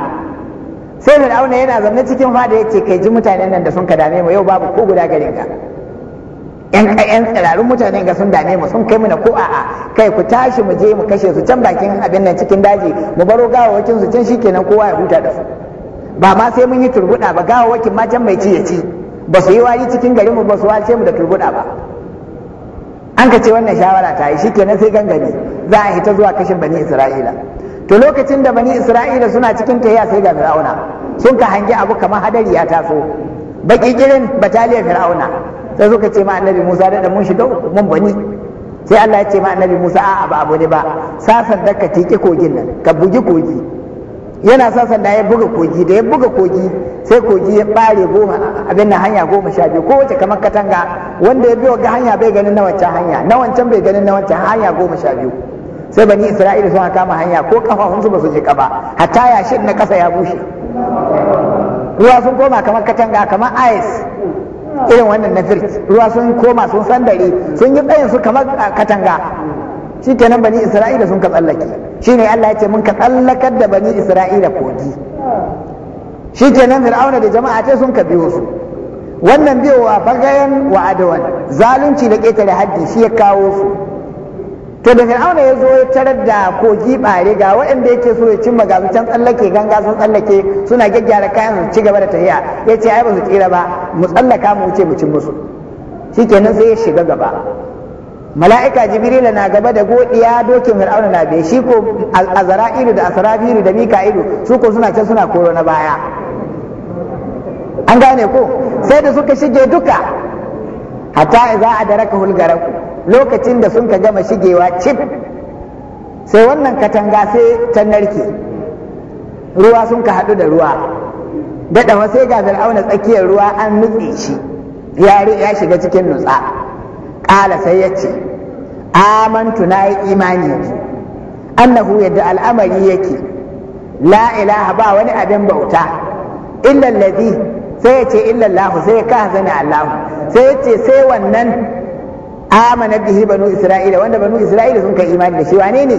sai fir'auna yana zaune cikin fada yake kai ji mutanen nan da sun ka dame mu yau babu ko guda garin ka yan yan tsirarun mutanen ga sun dame mu sun kai mu na ko a'a kai ku tashi mu je mu kashe su can bakin abin nan cikin daji mu baro gawawakin su can shikenan kowa ya huta da su ba ma sai mun yi turbuda ba gawawakin ma can mai ci ya ci ba su yi wari cikin garin mu ba su wace mu da turbuda ba an ka ce wannan shawara ta yi shikenan sai gangami za a hita zuwa kashin bani isra'ila to lokacin da bani isra'ila suna cikin tahiya sai ga fir'auna sun ka hangi abu kamar hadari ya taso baki girin bataliyar fir'auna sai suka ce ma annabi Musa da mun shiga mun bani sai Allah ya ce ma annabi Musa a'a ba abu ne ba sasan da ka tiki kogin nan ka bugi kogi yana sasan da ya buga kogi da ya buga kogi sai kogi ya bare goma abin nan hanya goma sha biyu kowace kamar katanga wanda ya biyo ga hanya bai ganin na wancan hanya na wancan bai ganin na wancan hanya goma sha biyu sai bani isra'ila sun kama hanya ko kafafunsu ba su je ba hatta yashin na kasa ya bushe ruwa sun koma kamar katanga kamar ice irin wannan na firt ruwa sun koma sun sandare sun yi tsayin su kamar ah, katanga shi kenan bani isra'ila sun ka tsallake shi ne allah ya ce mun ka tsallakar da bani isra'ila kogi shi kenan fir'auna da jama'a ce sun ka biyo su wannan biyowa bagayen wa adawan zalunci da ƙetare haddi shi ya kawo su to da fir'auna ya zo ya tarar da kogi bare ga waɗanda yake so ya cimma ga can tsallake ganga sun tsallake suna gyaggyara kayan su ci gaba da tafiya ya ce ai ba su tsira ba mu tsallaka mu wuce mu cin musu shikenan sai ya shiga gaba mala'ika jibrila na gaba da godiya dokin fir'auna na bai shi ko azra'ilu da asrafilu da mika'ilu su ko suna can suna koro na baya an gane ko sai da suka shige duka hatta idza daraka hulgaraku lokacin da sun ka gama shigewa cif sai wannan katanga sai ta narke ruwa sun ka haɗu da ruwa daɗawa sai ga fir'auna tsakiyar ruwa an nutse shi ya shiga cikin nutsa ƙala sai ya ce amantu na yi imani annahu yadda al'amari yake la ilaha ba wani abin bauta illallazi sai ya ce illallahu sai ya ka zane allahu sai ya ce sai wannan amana bihi banu isra'ila wanda banu isra'ila sun kai imani da shi wane ne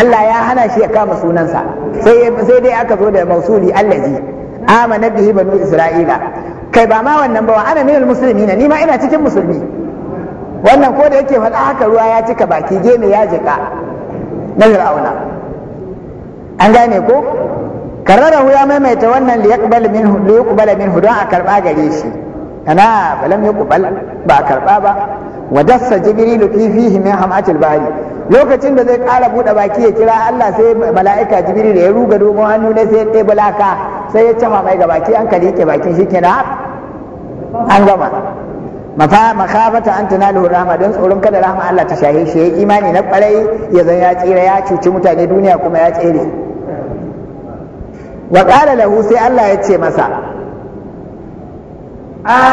Allah ya hana shi ya kama sunansa sai sai dai aka zo da mausuli allazi amana bihi banu isra'ila kai ba ma wannan ba wa ana minal muslimina ni ma ina cikin musulmi wannan ko da yake faɗa haka ruwa ya cika baki gene ya jika na fir'auna an gane ko kararahu ya maimaita wannan liyaqbal minhu liyaqbal minhu don a karba gare shi ana balam yuqbal ba a karba ba wa dassa jibrilu fi fihi min hamatil bari lokacin da zai ƙara buɗe baki ya kira Allah sai mala'ika da ya ruga domin hannu ne sai ya ɗebe laka sai ya cama mai ga baki an kali ke bakin shi kenan an gama mafa makafata an tunalu rahma don tsoron kada rahma Allah ta shahe shi yayi imani na kwarai ya zan ya tsira ya cuci mutane duniya kuma ya tsere wa qala lahu sai Allah ya ce masa Allah ce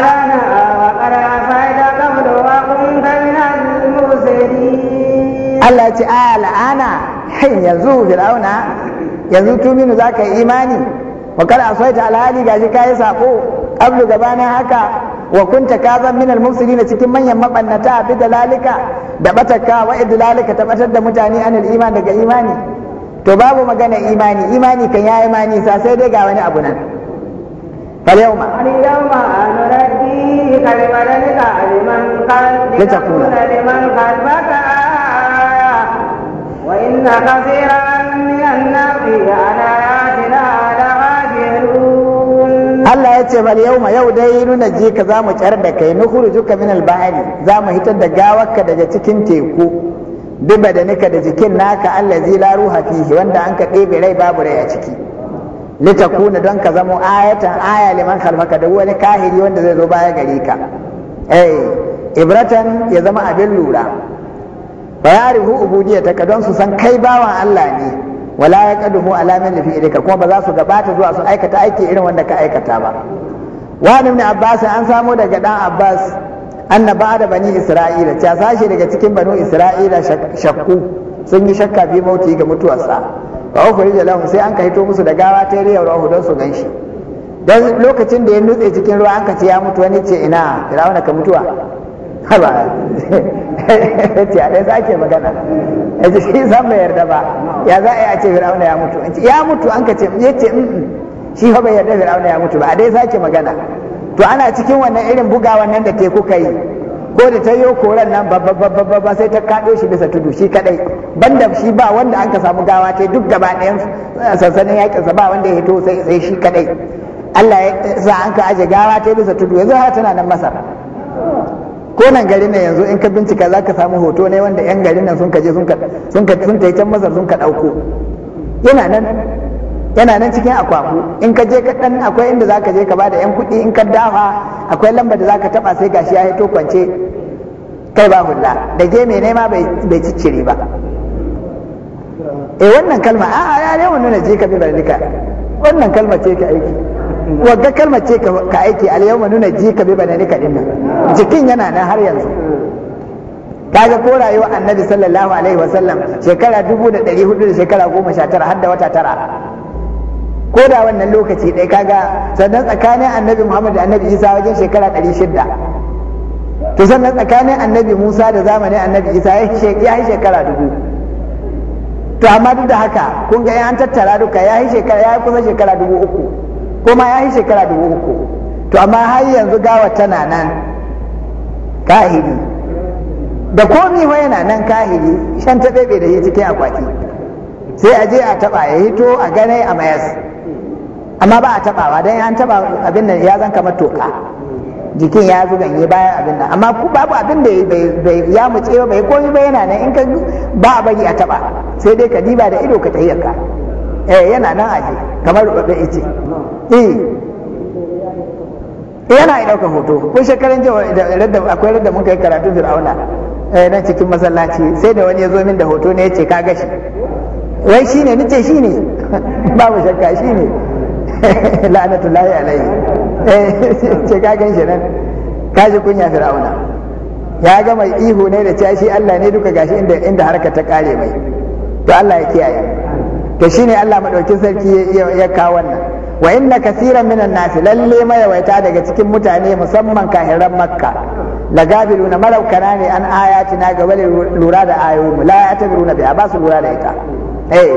عفيت قبل وكنت yanzu tuminu za ka yi imani wa kada a soita alhali gaji ka yi saƙo ƙablu gabanin haka wa kunta ka zan minal na cikin manyan mabannata bi lalika da Batakka, wa idlalika ta batar da mutane anil iman daga imani to babu magana imani imani kan ya imani sa sai dai ga wani abu nan فاليوم فاليوم نرديك لمردك لمن Allah ya ce bal yau yau dai nuna jika ka za mu tsayar da kai na hurjuka min albahari za mu hitar da gawarka daga cikin teku duba da nika da jikin naka Allah zai laruha fihi wanda an ka ɗebe rai babu rai a ciki. litakuna don ka zamo ayatan aya liman khalfaka da wani kahiri wanda zai zo baya gare ka eh ibratan ya zama abin lura bayarihu ka don su san kai bawan Allah ne wala ya kaduhu alamin da fi kuma ba za su gabata zuwa su aikata aiki irin wanda ka aikata ba Wa ibn abbas an samo daga dan abbas anna ba'da bani isra'ila ta sashi daga cikin banu isra'ila shakku sun yi shakka bi mauti ga mutuwarsa wa ku rija lahu sai an ka hito musu da gawa ta riya rahu don su gan shi don lokacin da ya nutse cikin ruwa an ka ce ya mutu wani ce ina firawuna ka mutuwa haba ce a ɗaya sake magana ya ce shi zan bai yarda ba ya za a yi a ce firawuna ya mutu ya mutu an ka ce ya ce mm, mm. shi fa bai yarda firawuna ya mutu ba a dai sake magana to ana cikin wannan irin buga wannan da ke kuka yi ko da ta yi koran nan babba sai ta kaɗo shi bisa tudu shi kaɗai banda shi ba wanda an ka samu gawa ta duk gaba ɗayan sansanin sa ba wanda ya to sai shi kaɗai. Allah ya sa an ka aje gawa ta bisa tudu yanzu har tana nan masar ko nan gari ne yanzu in ka bincika za ka samu hoto ne wanda yan garin nan sun kaje sun ka sun ka sun can masar sun ka ɗauko yana nan yana nan cikin akwaku in ka je kaɗan akwai inda za ka je ka bada yan kuɗi in ka dafa akwai lamba da za ka taɓa sai gashi ya hito kwance kai ba hulla da je mai nema bai ciccire ba eh wannan kalma a'a ya yawan nuna je ka bi barnika wannan kalma ce ka aiki wagga kalma ce ka aiki al yawan nuna je ka bi barnika din nan jikin yana nan har yanzu kaga ko rayuwar annabi sallallahu alaihi wasallam shekara dubu da ɗari hudu da shekara goma sha tara har da wata tara ko da wannan lokaci ɗaya kaga sannan tsakanin annabi muhammad da annabi isa wajen shekara ɗari shidda to sannan tsakanin annabi musa da zamanin annabi isa ya yi shekara dubu to amma duk da haka kun ga an tattara duka ya yi shekara ya kusa shekara dubu uku kuma ya yi shekara dubu uku to amma har yanzu gawa tana nan kahiri da komi wa yana nan kahiri shan ta da shi cikin akwati sai a je a taɓa ya hito a ganai a mayas amma ba a tabawa dan an taba abin nan ya zan kamar toka jikin ya zuganye bayan abin nan amma ku babu abin da bai ya mutse ba bai koyi ba yana nan in ka ba a bari a taba sai dai ka diba da ido ka tayyaka eh yana nan aje kamar da ice eh yana ya ɗaukar hoto ko shekaran radda akwai radda mun kai karatu fir'auna eh, nan cikin masallaci sai da wani ya zo min da hoto ne ya ce ka gashi wai shine nace shine babu shakka shine la'anatullahi alaihi eh, ce ka gan shi nan ka ji kunya fir'auna ya ga mai ihu ne da cashi Allah ne duka gashi inda inda harka ta kare mai to Allah ya kiyaye to shine Allah madaukin sarki ya kawo wannan wa inna kasiran minan nas lalle mayawaita daga cikin mutane musamman kahiran makka lagabiluna malaukana ne an ayatina ga wali lura da ayoyi la ya tabiruna bi ba su lura da ita eh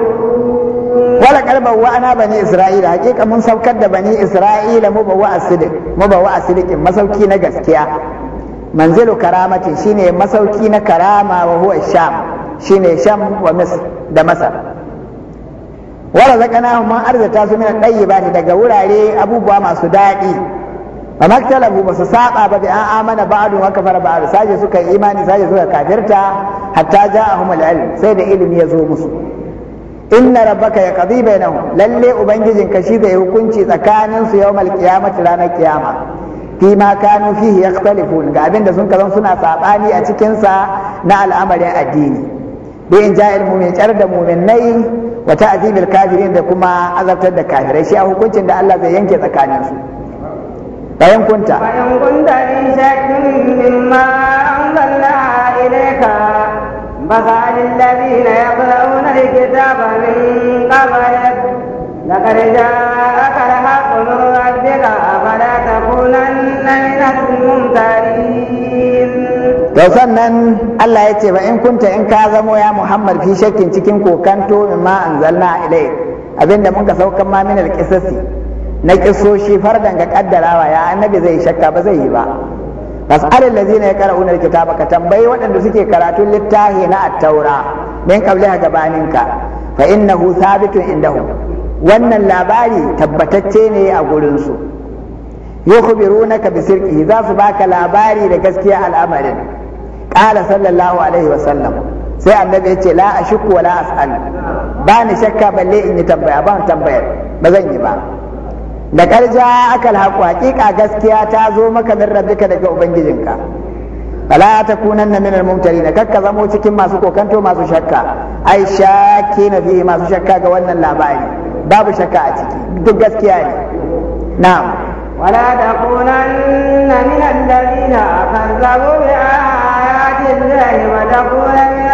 bawwa'na bani isra'ila hakika mun saukar da bani isra'ila mubawwa asidik mubawwa asidikin masauki na gaskiya manzilu Karamati shine masauki na karama wa huwa sham shine sham wa misr da masar wa razaqnahum man arzata su min dayyibati daga wurare abubuwa masu daɗi wa maktalabu ba su saba ba bi an amana ba'adu wa kafara ba'du saje suka yi imani saje suka kafirta hatta ja'ahum al-ilm sai da ilimi ya zo musu inna rabbaka yaqdi bainahum lalle ubangijin ka shi zai hukunci tsakanin su yawmal qiyamati ranar kiyama fi ma kanu fihi yakhtalifun ga abin da sun kazan suna sabani a cikin sa na al'amarin addini bi in ja'il mu'min tsar da mu'minai wa ta'dibil kafirin da kuma azabtar da kafirai shi a hukuncin da Allah zai yanke tsakanin su bayan kunta bayan kunta in shakkin mimma anzalna ilaika مثل الذين يقرؤون الكتاب من قبلك لقد جاءك الحق من ربك فلا تكونن من الممترين to sannan Allah ya ce ba in kunta in ka zamo ya Muhammad fi shakkin cikin kokanto mimma anzalna ilai abinda mun sauka saukan ma min na kisoshi fardan ga kaddarawa ya annabi zai shakka ba zai yi ba fas'alil kara yaqra'una alkitaba ka tambayi waɗanda suke karatun littafi na at-taura min qabliha gabaninka fa innahu thabitun indahum wannan labari tabbatacce ne a gurin su yukhbirunaka bi sirqihi za su baka labari da gaskiya al'amarin Ƙara sallallahu alaihi wa sallam sai annabi ya ce la shiku wa la as'al ba shakka balle in yi tambaya ba tambayar ba zan yi ba da ƙarja aka haƙu haƙiƙa gaskiya ta zo maka min rabbika daga ubangijinka fala ta kunan na minar mumtari na kakka zamo cikin masu kokanto masu shakka ai shaki na fiye masu shakka ga wannan labari babu shakka a ciki duk gaskiya ne na'am ولا تكونن من الذين كذبوا بآيات الله وتكونن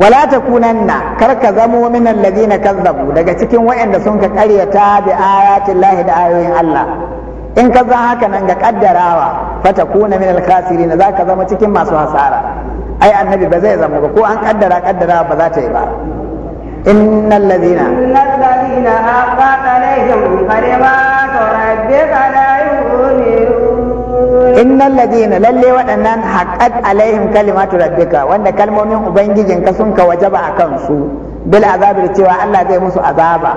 wala takunanna kar ka zamo min alladhina kazzabu daga cikin waɗanda sun ka ƙaryata bi ayatin lahi da ayoyin Allah in ka za haka nan ga kaddarawa fa takuna min alkhasirin za ka zama cikin masu hasara ai annabi ba zai zama ba ko an kaddara kaddara ba za ta yi ba إن الذين إن الذين حقت عليهم كلمات ربك innal ladina lalle waɗannan haqqat alaihim kalimatu rabbika wanda kalmomin ubangijin ka sun ka wajaba akan su bil azabi cewa Allah zai musu azaba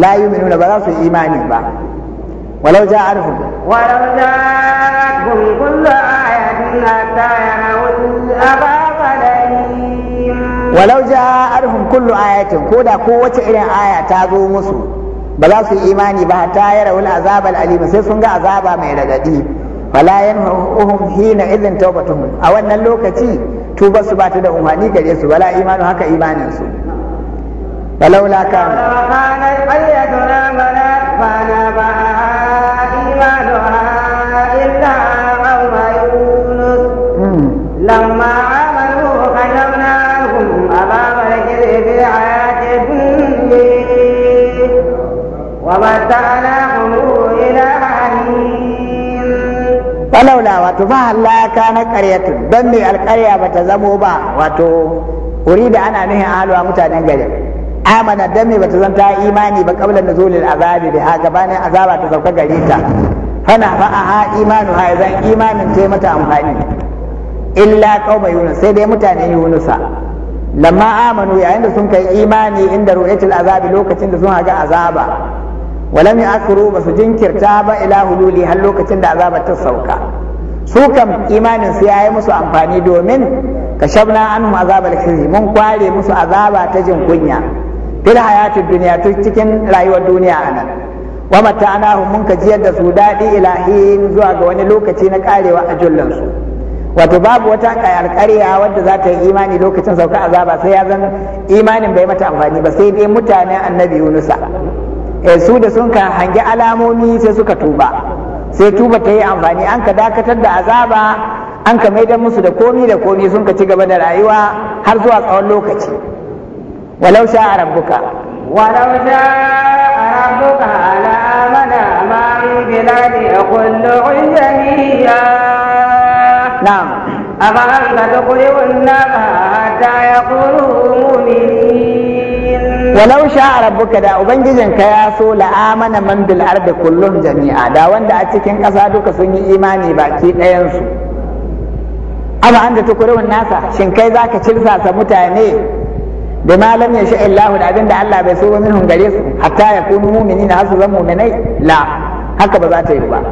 la yu'minuna ba za su imani ba walau ja'arhum walau ja'arhum kullu ayatin hatta yarawul azaba walau ja'arhum kullu ayatin koda ko wace irin aya ta zo musu ba za su imani ba hatta yarawul azaba alim sai sun ga azaba mai radadi fala yanhum hina idhin tawbatuhum a wannan lokaci tuba su bata da umarni gare su wala imanu haka imanin su balaula falaula wato ba ya na ƙaryatun don me alƙarya ba ta zamo ba wato wuri da ana nihin aluwa mutanen gari amana don me ba ta zanta imani ba da nuzulil azabi da ha ne azaba ta sauka gare ta fana fa'aha imanu ha zan imanin ta mata amfani illa qauma yunus sai dai mutanen yunusa lamma amanu yayin da sun kai imani inda ru'yatul azabi lokacin da sun haga azaba walam akuru ba su jinkirta ba ila hululi har lokacin da azabar ta sauka su kam imanin su yayi musu amfani domin kashabna anhum azabal kiri mun kware musu azaba ta jin kunya fil hayatid dunya to cikin rayuwar duniya anan wa mata'anahum mun kajiyar da su dadi ilahin zuwa ga wani lokaci na karewa a jullansu. su wato babu wata alƙarya wadda za ta yi imani lokacin sauka azaba sai ya zan imanin bai mata amfani ba sai dai mutanen annabi yunusa Eh, su da sun ka hangi alamomi sai suka tuba sai tuba ta yi amfani an ka dakatar da azaba an ka maida musu da komi da komi sun ka ci gaba da rayuwa har zuwa tsawon lokaci walau sha a rabbuka walau sha a rabbuka ala amana man biladi a kullu jami'a na'am afa an ka tukuri wannan ta ya kuru mumini walau sha kada, da ubangijinka ya so la'amana man bil ardi kullum jami'a da wanda a cikin ƙasa duka sun yi imani baki ɗayansu. su an da tukurun nasa shin kai za zaka cirsasa mutane da malam ya sha'in lahu da abinda Allah bai so ba minhum gare su hatta mumini na hasu zan mu'minai la haka ba za ta yi ba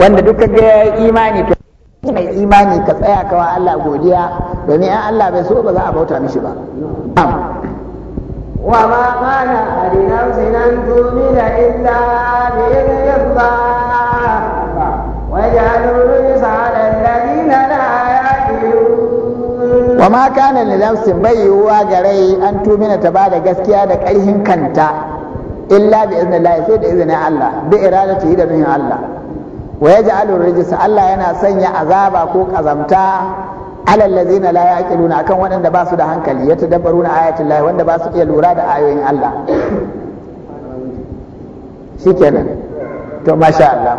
wanda duka ga imani to mai imani ka tsaya kawa Allah godiya domin Allah bai so ba za a bauta mishi ba وما كان لنفس أن تؤمن إلا بإذن الله وجعلوا الرجس على الذين لا وما كان لنفس بيوا غري أن تؤمن da gaskiya da karhin kanta illa bi idnillah sai da izinin Allah bi iradati da nuhin Allah wa yaj'alu rijsa Allah yana sanya azaba ko kazamta alal ladzina la yaqiluna akan waɗanda ba su da hankali ya tadabbaruna ayatul lahi wanda ba su iya lura da ayoyin Allah shikenan to masha Allah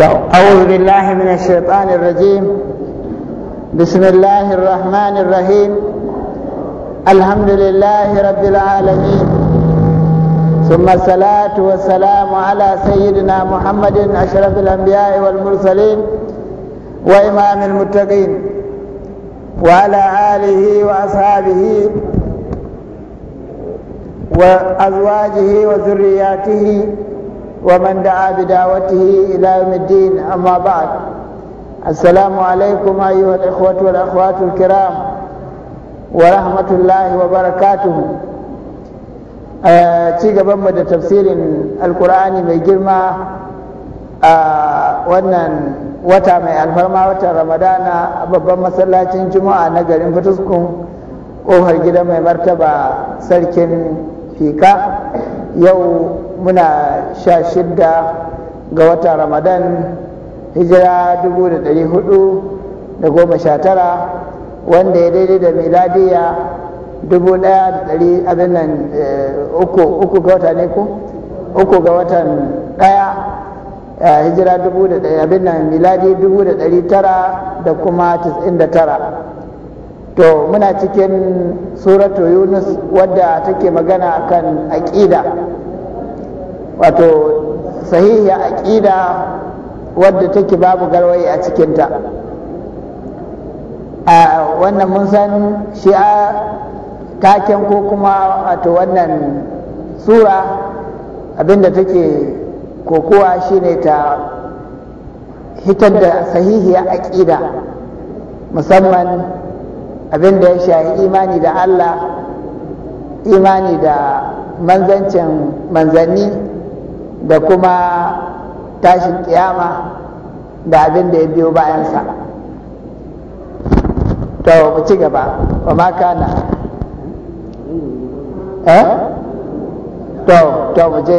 to a'udhu billahi minash shaitanir rajim bismillahir rahmanir rahim alhamdulillahi rabbil alamin ثم الصلاة والسلام على سيدنا محمد أشرف الأنبياء والمرسلين وإمام المتقين وعلى آله وأصحابه وأزواجه وذرياته ومن دعا بدعوته إلى يوم الدين أما بعد السلام عليكم أيها الإخوة والأخوات الكرام ورحمة الله وبركاته ci gabanmu da tafsirin alkur'ani mai a wannan wata mai alfarma watan ramadana a babban masallacin juma'a na garin fituskun kofar gida mai martaba sarkin fika yau muna sha shidda ga wata ramadan hijira 419 wanda ya daidai da miladiya 1,300 eh, uku ga ga watan daya hijira dubu da ɗaya, abin nan miladi dubu da ɗari tara da kuma tis'in da tara to muna cikin suratu yunus wadda take magana akan aƙida wato sahihiyar aƙida wadda take babu garwayi a cikinta a wannan mun san shi'a taken ko kuma wato wannan sura abinda take ko shi ne ta hitar da sahihi a aƙida musamman abin da ya shahi imani da Allah imani da manzancin manzanni da kuma tashin kiyama da abin da ya biyo bayansa to mu ci gaba wa ma kana eh to to mu je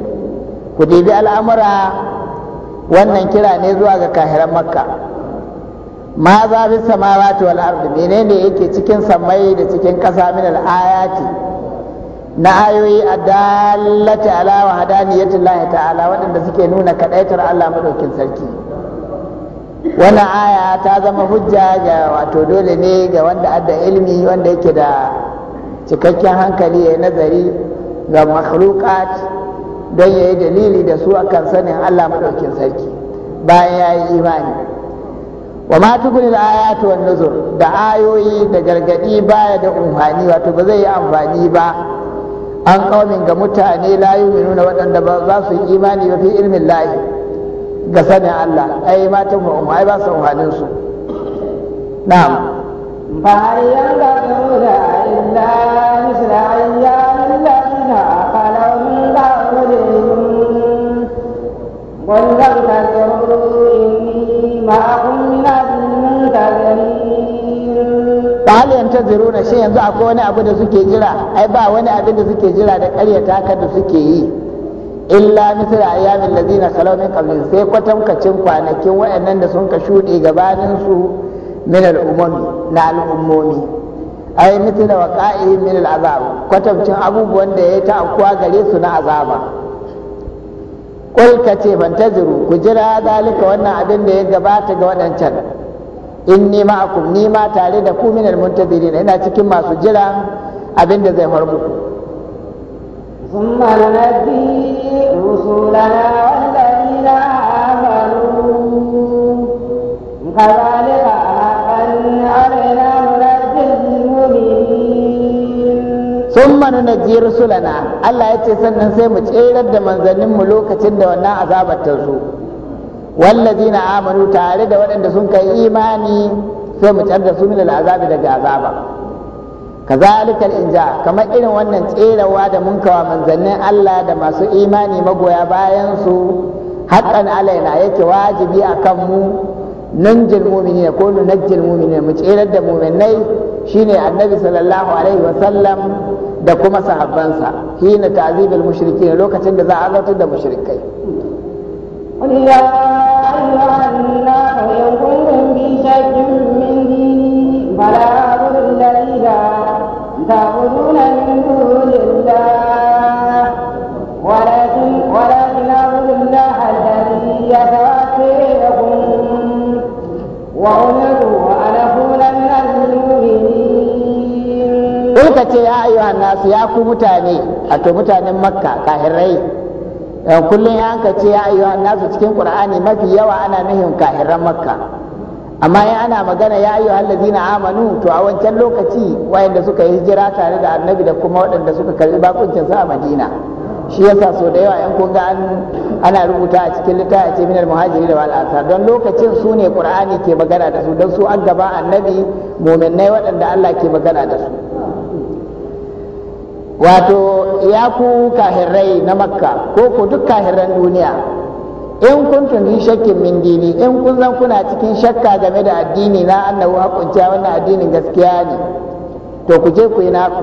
ku dibi al'amura wannan kira ne zuwa ga kahiran makka ma za fi samawati wal ardi menene yake cikin samai da cikin ƙasa min al'ayati na ayoyi a ala wa hadaniyatillahi ta'ala waɗanda suke nuna kaɗaitar Allah madaukin sarki wannan aya ta zama hujja ga wato dole ne ga wanda adda ilmi wanda yake da cikakken hankali ya nazari ga makhluqat don ya yi dalili da su akan sanin Allah maɗaukin sarki bayan ya yi imani wa ma tukuni ayatu wan nuzur da ayoyi da gargadi baya da umfani wato ba zai yi amfani ba an kaumin ga mutane la nuna waɗanda ba za su yi imani ba fi ilmin layi ga sanin Allah ai matan wa umma ai ba su umfanin su na'am ba yanzu da illa misra قل فارتقبوا إني معكم من المنتظرين قال ينتظرون شيء yanzu akwai wani abu da suke jira ai ba wani abin da suke jira da ƙaryata ka da suke yi illa misra ayyamin ladina salaw min qablihim sai kwatamkacin kwanakin waɗannan da sun ka shuɗe gabanin su min al'ummi na al'ummomi ai mithla waqa'i min al'azab kwatamcin abubuwan da ya ta akwa gare su na azaba kul ka ce fantaziru ku jira zalika wannan abin da ya gabata ga waɗancan inni ku ni ma tare da ku minal muntazirin ina cikin masu jira abin da zai faru muku ثم amanu. sun na ji rusulana Allah ya ce sannan sai mu tserar da manzanninmu lokacin da wannan azabar ta zo wallazi na amanu tare da waɗanda sun kai imani sai mu tsar da su minal azabi daga azaba in inja kamar irin wannan tserawa da mun kawa manzannin Allah da masu imani magoya bayansu, su haƙan alaina yake wajibi a kan mu nanjil mu'minina ko nunajjil mu'minina mu tserar da mu'minai shine annabi sallallahu alaihi wasallam da kuma sahabbansa hina ta'zibil mushrikin lokacin da za a zartar da mushrikai قل يا أيها الناس إن كنتم في شك من ديني فلا أعبد الذين تعبدون من دون الله ولكن ولكن أعبد الله الذي يتوفى لكم وأمرت sai ka ce ya ayyuhan nasu ya ku mutane a to mutanen makka kahirai eh, kullum ya ka ce ya ayyuhan nasu cikin qur'ani mafi yawa ana nuhin kahiran makka amma in ana magana ya ayyuhan na amanu to a wancan lokaci wayanda suka yi hijira tare da annabi da kuma waɗanda suka karbi bakuncin sa a madina shi yasa so da yawa yan kunga ana rubuta a cikin littafi ce minal muhajiri da wal ansar don lokacin su ne qur'ani ke magana da su don su an gaba annabi mu'minnai waɗanda Allah ke magana da su wato ya ku kahirai na makka ko ku duk Kahirar duniya in kun bi shakkin min dini in kun zan kuna cikin shakka game da addini na annabu hakunta wannan addinin gaskiya ne to ku je ku yi naku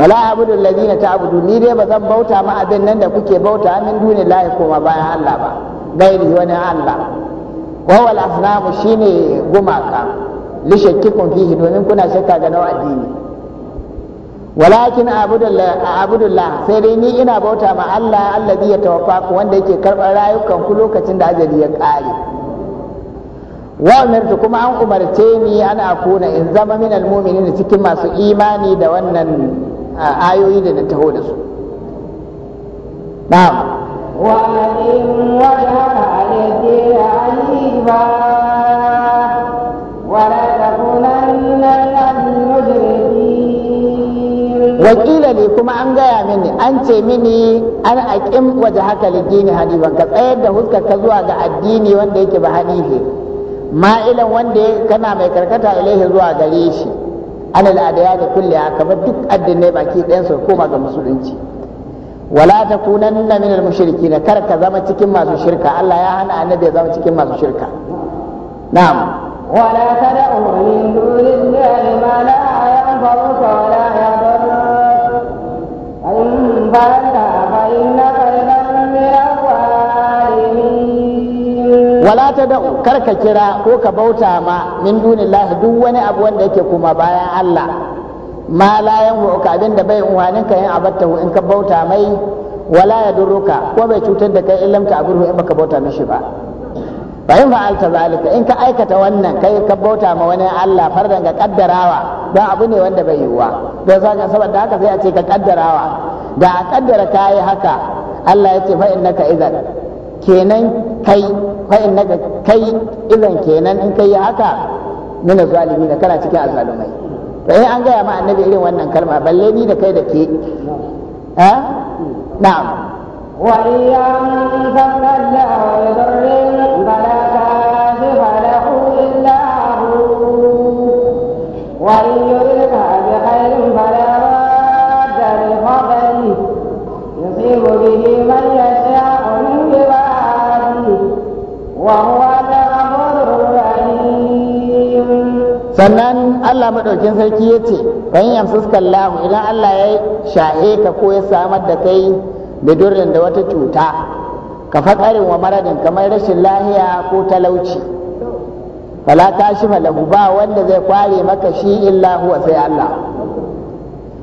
wala abudu alladhina ta'budu ni dai ba zan bauta ma abin nan da kuke bauta min duni lahi kuma bayan Allah ba gairi wani Allah wa wal asnamu shine gumaka li fihi domin kuna shakka ga nawa addini walakin abudullah sai dai ni ina bauta ma Allah allazi ya tawaffa ku wanda yake karɓar rayukan ku lokacin da ajali ya ƙare wa umirtu kuma an umarce ni an akuna in zama min almu'minin cikin masu imani da wannan ayoyi da na taho da su na'am wa in wajhaka alayhi ba wa la takunanna wakila ne kuma an gaya mini an ce mini an aqim waje haka lidini hanifan ka tsayar da huskar ka zuwa ga addini wanda yake ba hanifi ma'ilan wanda kana mai karkata ilaihi zuwa gare shi an al'adaya da kulle kamar duk addinai baki ɗayan su koma ga musulunci wala na min al na kar ka zama cikin masu shirka Allah ya hana annabi ya zama cikin masu shirka na'am wala tad'u min dunillahi ma la yanfa'uka wa la wala ta da kar ka kira ko ka bauta ma min duni dunillah duk wani abu wanda yake kuma bayan Allah ma la yan ka abin da bai uwanin ka yin abatta in ka bauta mai wala ya duruka ko bai cutar da kai illam ka abu in ka bauta mishi ba fa in fa'alta zalika in ka aikata wannan kai ka bauta ma wani Allah fardan ga kaddarawa dan abu ne wanda bai yiwa don saboda haka sai a ce ka kaddarawa da a kaddara kayi haka Allah ya ce fa innaka idan kenan kai fa innaka kai idan kenan in kai haka min zalimi da kana cikin azalumai to eh an gaya ma annabi irin wannan kalma balle ni da kai da ke ha na'am wa iyyan fa'alla wa sannan Allah maɗaukin sarki ya ce wani yamsuska Allah idan Allah ya shahe ka ko ya samar da kai da durin da wata cuta ka faƙarin wa maradin kamar rashin lahiya ko talauci fala shi lahu ba wanda zai kware maka shi illa huwa sai Allah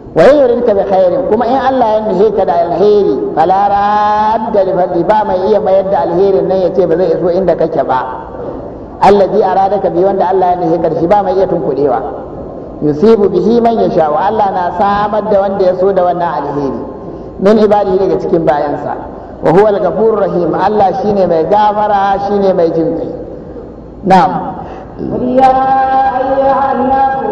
wa ka bi khairin kuma in Allah ya nuhe ka da alheri fala radda li ba mai iya mayar da alherin nan ya ce ba zai iso inda kake ba allazi aradaka bi wanda Allah ya nufi karshe ba mai iya tunkudewa yusibu bihi man yasha wa Allah na samar da wanda ya so da wannan alheri min ibadihi daga cikin bayansa wa huwa al rahim Allah shine mai gafara shine mai jinkai na'am ya ayyuhan nasu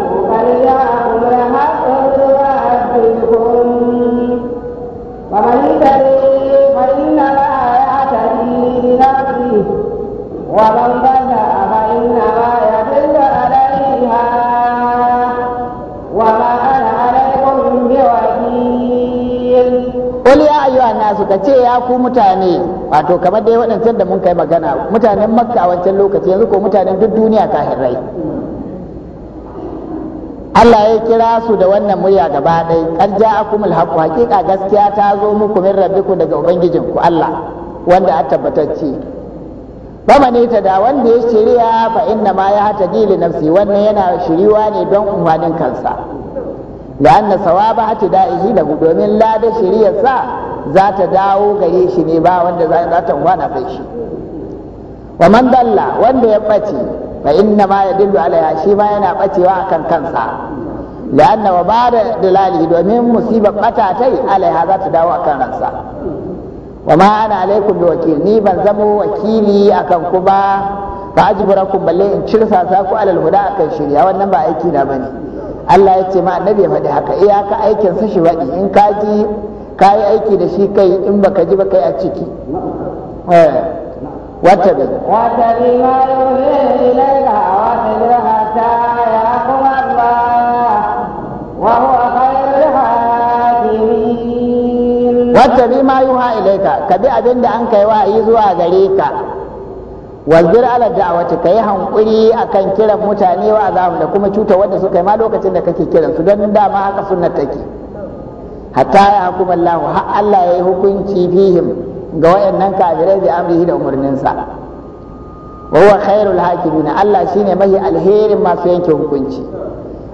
ce ya ku mutane wato kamar dai waɗancan da mun kai magana mutanen makka wancan lokaci yanzu ko mutanen duk duniya kahirai Allah ya kira su da wannan murya gaba ɗaya ja ja'akumul haqqu haƙiƙa gaskiya ta zo muku min ku daga ku Allah wanda a tabbatacce ta da wanda ya shirya fa inna ma ya hata gili nafsi wannan yana shiriwa ne don umarnin kansa da anna sawaba hati da'ihi da domin lada shiriyarsa za ta dawo gare shi ne ba wanda za ta wana kai shi wa man dalla wanda ya bace fa inna ma yadullu alaiha shi ma yana bacewa akan kansa la'anna wa ba'da dalali domin musibar bata tai alaiha za ta dawo akan ransa wa ma ana alaikum bi wakil ni ban zamo wakili akan ku ba fa ajburakum balle in cirsa sa ku alal huda akan shirya wannan ba aiki na bane Allah ya ce ma annabi ya faɗi haka iyaka aikin sa shi baɗi in ka ji ka yi aiki da shi kai in baka ji ba kai a ciki eh. wata bi wata bi ma yuhi ilaika wata bi ta ya kuma ba wa huwa khairul hakimin wata bi ma yuha ilaika ka bi abin da an kai wa yi zuwa gare ka wazir ala da'awati ka yi hankuri akan kiran mutane wa zamu da kuma cuta wanda suka yi ma lokacin da kake kiran su don dama haka sunnar take hatta ya hukuma Allah har Allah ya yi hukunci fihim ga wayannan kafirai da amrihi da umarninsa wa huwa khairul hakimin Allah shine mahi alherin masu yanke hukunci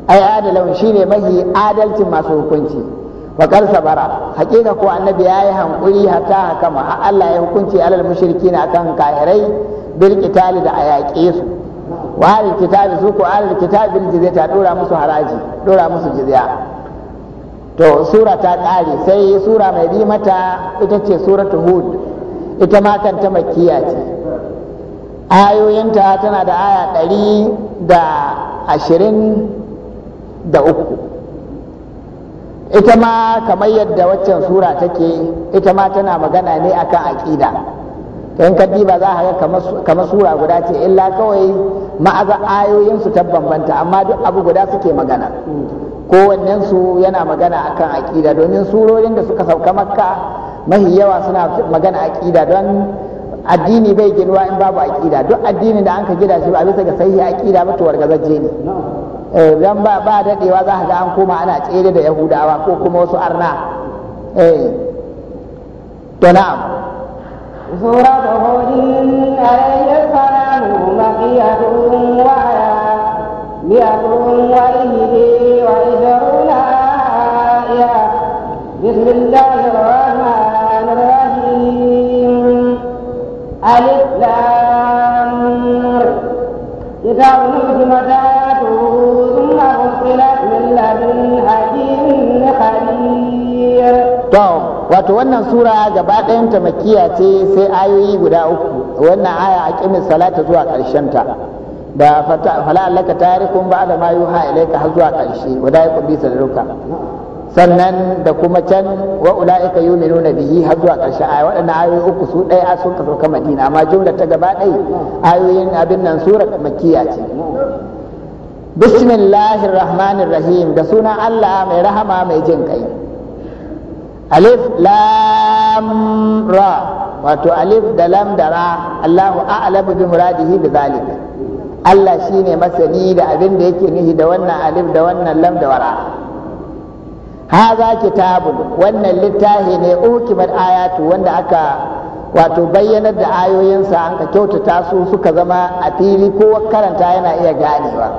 ai adalun shine mahi adalcin masu hukunci wa kar sabara hakika ko annabi yayi hankuri hatta hakama har Allah ya hukunci alal mushrikin akan kafirai bil qitali da ayaƙe su wa al kitabi su ko al kitabi jizya ta dora musu haraji dora musu jizya to sura ta ƙare sai sura mai bi mata ita ce suratu hud ita ma kan ta makkiya ce ayoyinta tana da aya ɗari da ashirin da uku ita ma kamar yadda waccan sura take ita ma tana magana ne akan aƙida in ka ba za a ga kamar sura guda ce illa kawai ma'aza ayoyinsu ta bambanta amma duk abu guda suke magana kowannensu yana magana akan aƙida domin surorin da suka sauka makka mahi yawa suna magana aƙida don addini bai ginuwa in babu aƙida duk addini da an ka gida shi ba bisa ga sahihi aƙida ba to wargazajje ne eh, dan ba ba dadewa za ka ga an koma ana tsere da yahudawa ko kuma wasu arna eh to na'am سورة هود عليه السلام مكية وآية مئة وإهدي wato wannan sura gaba ɗayanta makiya ce sai ayoyi guda uku wannan aya a ƙimin salata zuwa ƙarshen ta, da fala'allaka tarikun ba da mayu ha ilaika har zuwa ƙarshe guda ya kubi sadaruka sannan da kuma can wa ula'ika yuminuna bihi har zuwa ƙarshen aya waɗannan ayoyi uku su ɗaya sun kaso ka madina amma jumla ta gaba ɗaya ayoyin abin nan sura makiya ce bismillahir rahmanir rahim da sunan allah mai rahama mai jin kai alif lam ra wato alif da lam da ra Allahu a'lamu bi muradihi bi zalika. Allah shine masani da abin da yake nihi da wannan alif da wannan lam da wara za kitabu wannan littafi ne ukimat ayatu wanda aka wato bayyanar da ayoyinsa an ka kyautata su suka zama a fili ko karanta yana iya ganewa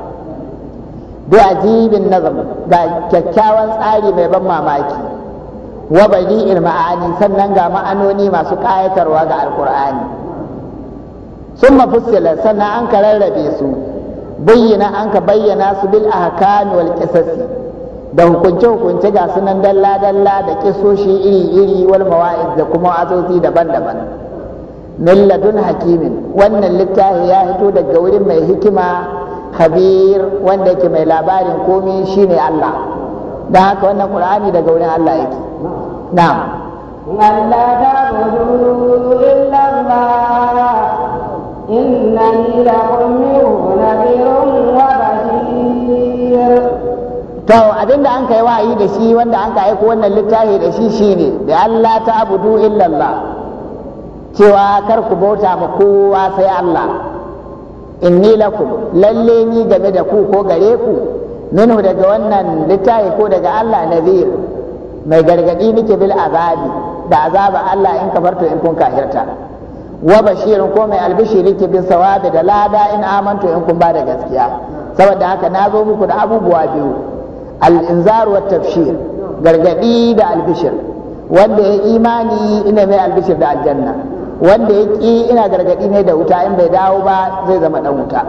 bi ajibin nazam ga kyakkyawan tsari mai ban mamaki wa badi'il ma'ani sannan ga ma'anoni masu ƙayatarwa ga alkur'ani sun mafussila sannan an ka rarrabe su bayyana an ka bayyana su bil ahkam wal qisasi da hukunce hukunce ga sunan dalla dalla da kisoshi iri iri wal mawa'id da kuma azoti daban-daban milladun hakimin wannan littafi ya hito daga wurin mai hikima khabir wanda yake mai labarin komai shine Allah dan haka wannan qur'ani daga wurin Allah yake نعم ألا تعبدوا إلا الله إنني لكم منه نذير وبشير To abin da an kai wa'ayi da shi wanda an kai ko wannan littafi da shi shine da Allah ta abudu illallah cewa kar ku bauta ma kowa sai Allah inni lakum lalle ni game da ku ko gare ku minhu daga wannan littafi ko daga Allah nazir mai gargadi nake bil azabi da azaba Allah in kafarto in kun kahirta wa bashirin ko mai albishiri ke bin sawabi da lada in amanto in kun ba da gaskiya saboda haka na zo muku da abubuwa biyu al-inzar wa tafshir gargadi da albishir wanda ya imani ina mai albishir da aljanna wanda ya ki ina gargadi ne da wuta in bai dawo ba zai zama dan wuta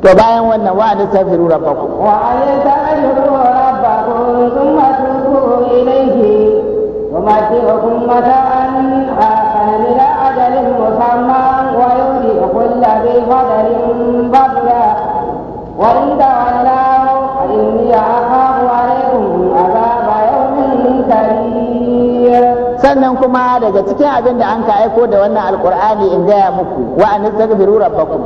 to bayan wannan wa safiru rabbakum wa ayyuhu rabbakum thumma يمتعكم متاعا حسنا إلى أجل مسمى ويؤتي كل ذي فضل فضلا وإن تولوا فإني أخاف عليكم عذاب يوم كبير sannan kuma daga cikin abin da an ka aiko da wannan alkur'ani in gaya muku wa an tastaghfiru rabbakum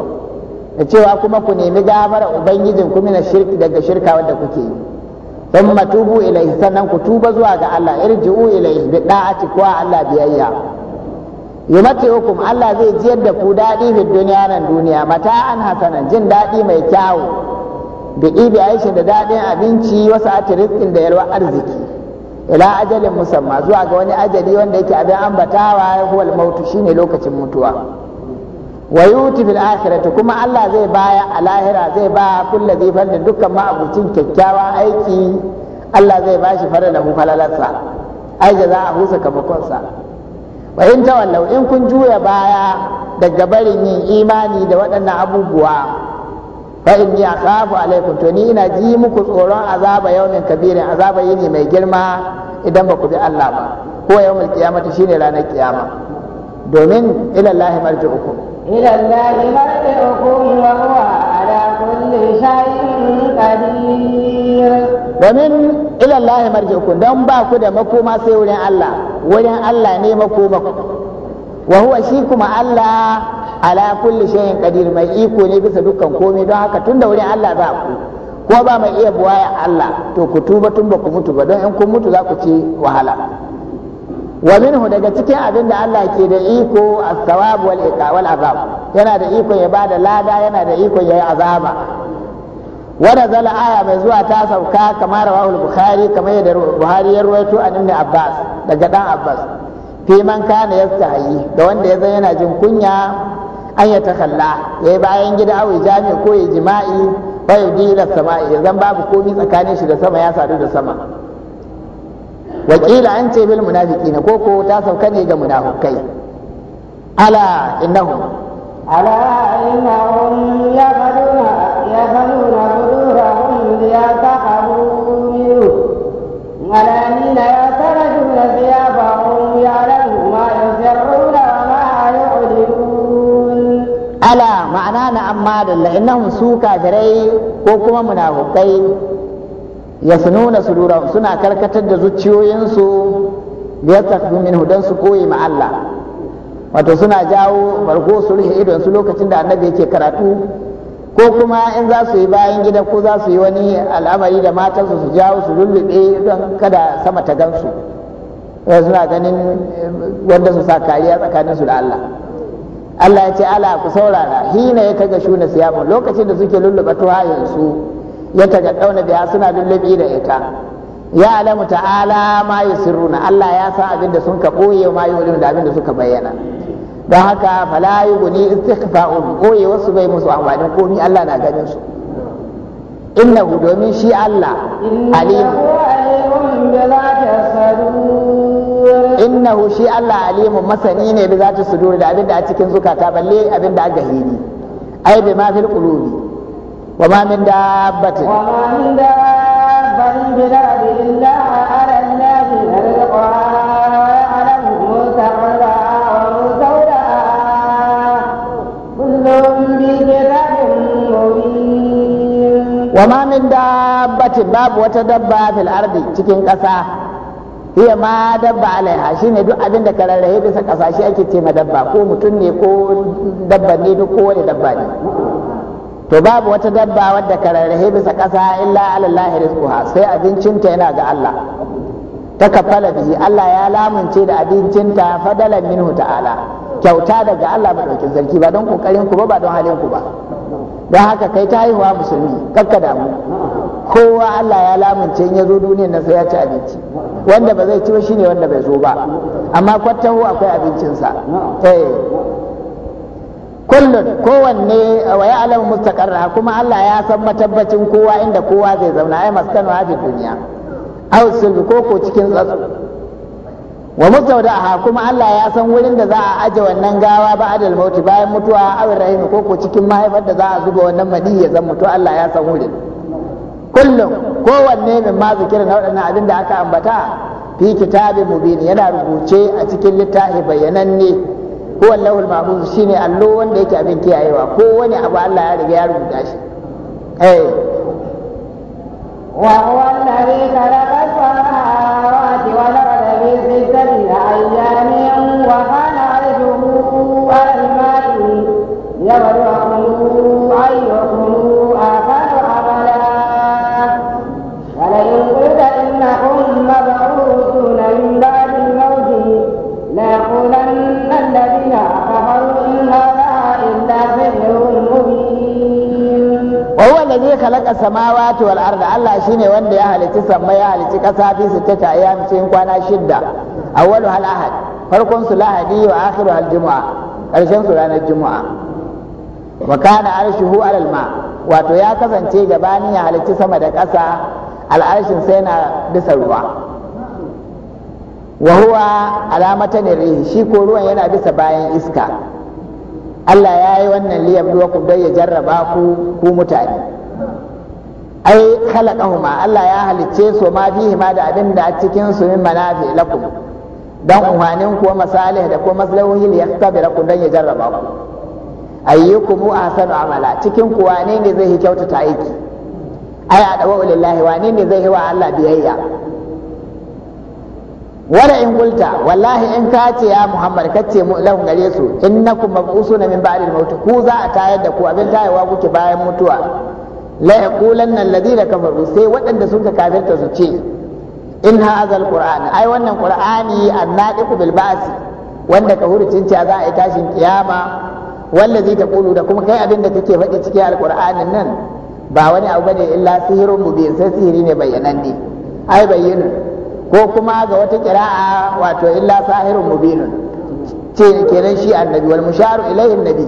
da cewa kuma ku nemi gafara ubangijin ku mina shirki daga shirka wanda kuke yi in ma ilai sannan ku tuba zuwa ga Allah irji'u ilai da da'ati Allah biyayya yi mace Allah zai jiyar da ku daɗi mai duniya duniya mata an hasanan jin daɗi mai kyawu da ɗibi a da daɗin abinci wasu a turistin da yalwa arziki ila ajalin musamman zuwa ga wani ajali wanda yake abin ambatawa ya huwa mautu shi lokacin mutuwa wa yuti bil akhirati kuma Allah zai baya a lahira zai ba kullu zai da dukkan ma'abucin kyakkyawan aiki Allah zai ba shi fara da falalarsa ai za a husa kamakonsa wa in tawallau in kun juya baya daga barin yin imani da waɗannan abubuwa fa inni akhafu alaikum to ni ina ji muku tsoron azaba yawmin kabirin azaba yini mai girma idan ba ku bi Allah ba ko yawmul qiyamati shine ranar kiyama domin ila Allah marji'ukum إلى الله مرجعكم وهو على كل شيء قدير ومن إلى الله مرجعكم دون باكو دا مكوما سيولين الله ولين الله ني مكومكم وهو شيكم الله على كل شيء قدير ما iko ne bisa dukkan komai don haka tunda wurin Allah za ku ko ba mai iya buwaya Allah to ku tuba tun ba ku mutu ba don in kun mutu za ku ci wahala wa minhu daga cikin abin da Allah ke da iko as-sawab wal wal azab yana da iko ya bada lada yana da iko ya yi azaba wa zala aya mai zuwa ta sauka kamar rawahu bukhari kamar yadda buhari ya ruwaito an ibn abbas daga dan abbas fi man kana yastahi da wanda ya yana jin kunya an ya takalla yayi bayan gida awi jami'i ko ya jima'i bai dila sama'i yanzu babu komai tsakanin shi da sama ya sadu da sama wakila an ce bil munafiqina ko ko ta sauka ne ga munafikai ala ma'ana na su ko kuma munafukai? ya nuna surura suna karkatar da zuciyoyinsu liyatakfu minhu dan su koyi ma Allah wato suna jawo bargo su rufe idon su lokacin da annabi yake karatu ko kuma in za su yi bayan gida ko za su yi wani al'amari da matansu su jawo su lullube don kada sama ta gansu suna ganin eh, wanda su sa kariya tsakanin su da Allah Allah ya ce ala ku saurara hina ya kaga shuna siyamu lokacin da suke lulluɓa tuhayen su ya ɗauna biya suna lullubi da ita ya alamu ta'ala ma yusirruna Allah ya san abin da sun ka boye ma yulun da abin da suka bayyana don haka fala yughni istighfa'un koye wasu bai musu amfanin komi Allah na ganin su hu domin shi Allah alim hu shi Allah alimu masani ne bi zati sudur da abin da a cikin zukata balle abin da aka hiri ai bi ma fil qulubi وما من دابة وما من دابة في إلا على الله رزقها ويعلم مستقرها ومستودعها كل في مبين وما من دابة باب وتدبى في الأرض تكين قصاه هي ما دبى عليها شين duk أبين دكال الله bisa ƙasa shi ake ce ma dabba ko mutum ne ko dabba ne duk kowane to babu wata dabba wadda kararrahe bisa ƙasa illa alallahi rizquha sai abincinta yana ga Allah ta kafala bihi Allah ya lamunce da abincinta fadalan minhu ta'ala kyauta daga Allah madaukin sarki ba don kokarin ku ba ba don halin ku ba don haka kai ta haihuwa musulmi kakka damu kowa Allah ya lamunce in ya zo duniyar nan sai ya ci abinci wanda ba zai ci ba shine wanda bai zo ba amma kwatahu akwai abincinsa eh. kullun kowanne wa ya alamu mustaqarra kuma Allah ya san matabbacin kowa inda kowa zai zauna ai maskanu hafi duniya aw sulbi ko ko cikin tsatsu wa mustawdaha kuma Allah ya san wurin da za a aje wannan gawa ba adal mauti bayan mutuwa aw rahimi ko ko cikin mahaifar da za a zuba wannan madi ya zan mutu Allah ya san wurin kullum kowanne mai ma zikirin waɗannan abin da aka ambata fi kitabin mubin yana rubuce a cikin littafi ne. ko Allahul mahfuz shine allo wanda yake abin kiyayewa ko wani abu Allah ya riga ya rubuta shi eh wa huwa alladhi khalaqa samawati wal arda fi sittati ayyamin wa khalaqa kasama wato arda Allah shine wanda ya halici sammai ya halici kasa bisa ta ayyam kwana shidda awwalu hal ahad farkon su lahadi wa akhiru hal jumu'a su ranar jumu'a wa kana arshuhu alal wato ya kasance bani ya halici sama da ƙasa. al'arshin sai na bisa ruwa Wahuwa huwa alamatan rihi shi ko ruwan yana bisa bayan iska Allah ya yi wannan liyabluwakum don ya jarraba ku ku mutane khalaqahuma Allah ya halicce su ma fihi ma da abin da a cikin su min manafi lakum dan umanin kuwa masalih da kuma maslahohi li yaktabirakum dan ya jarraba ku ayyukum ahsanu amala cikin ku wane ne zai kyautata aiki ai a dawo lillahi wane ne zai yi wa Allah biyayya wala in kulta wallahi in kace ya muhammad ka ce mu lahun gare su innakum mab'usuna min ba'dil maut ku za a tayar da ku abin tayewa kuke bayan mutuwa la yaqulanna alladhina kafaru sai waɗanda suka kafirta su ce in hadha alquran ai wannan qur'ani annadiqu bil ba'si wanda ka hurucin cewa za a yi tashin kiyama wallazi taqulu da kuma kai abin da kake faɗi cikin alqur'anin nan ba wani abu bane illa sihirun mubin sai sihiri ne bayyananne ai bayyinu ko kuma ga wata qira'a wato illa sahirun mubinun ce kenan shi annabi wal musharu ilayhi annabi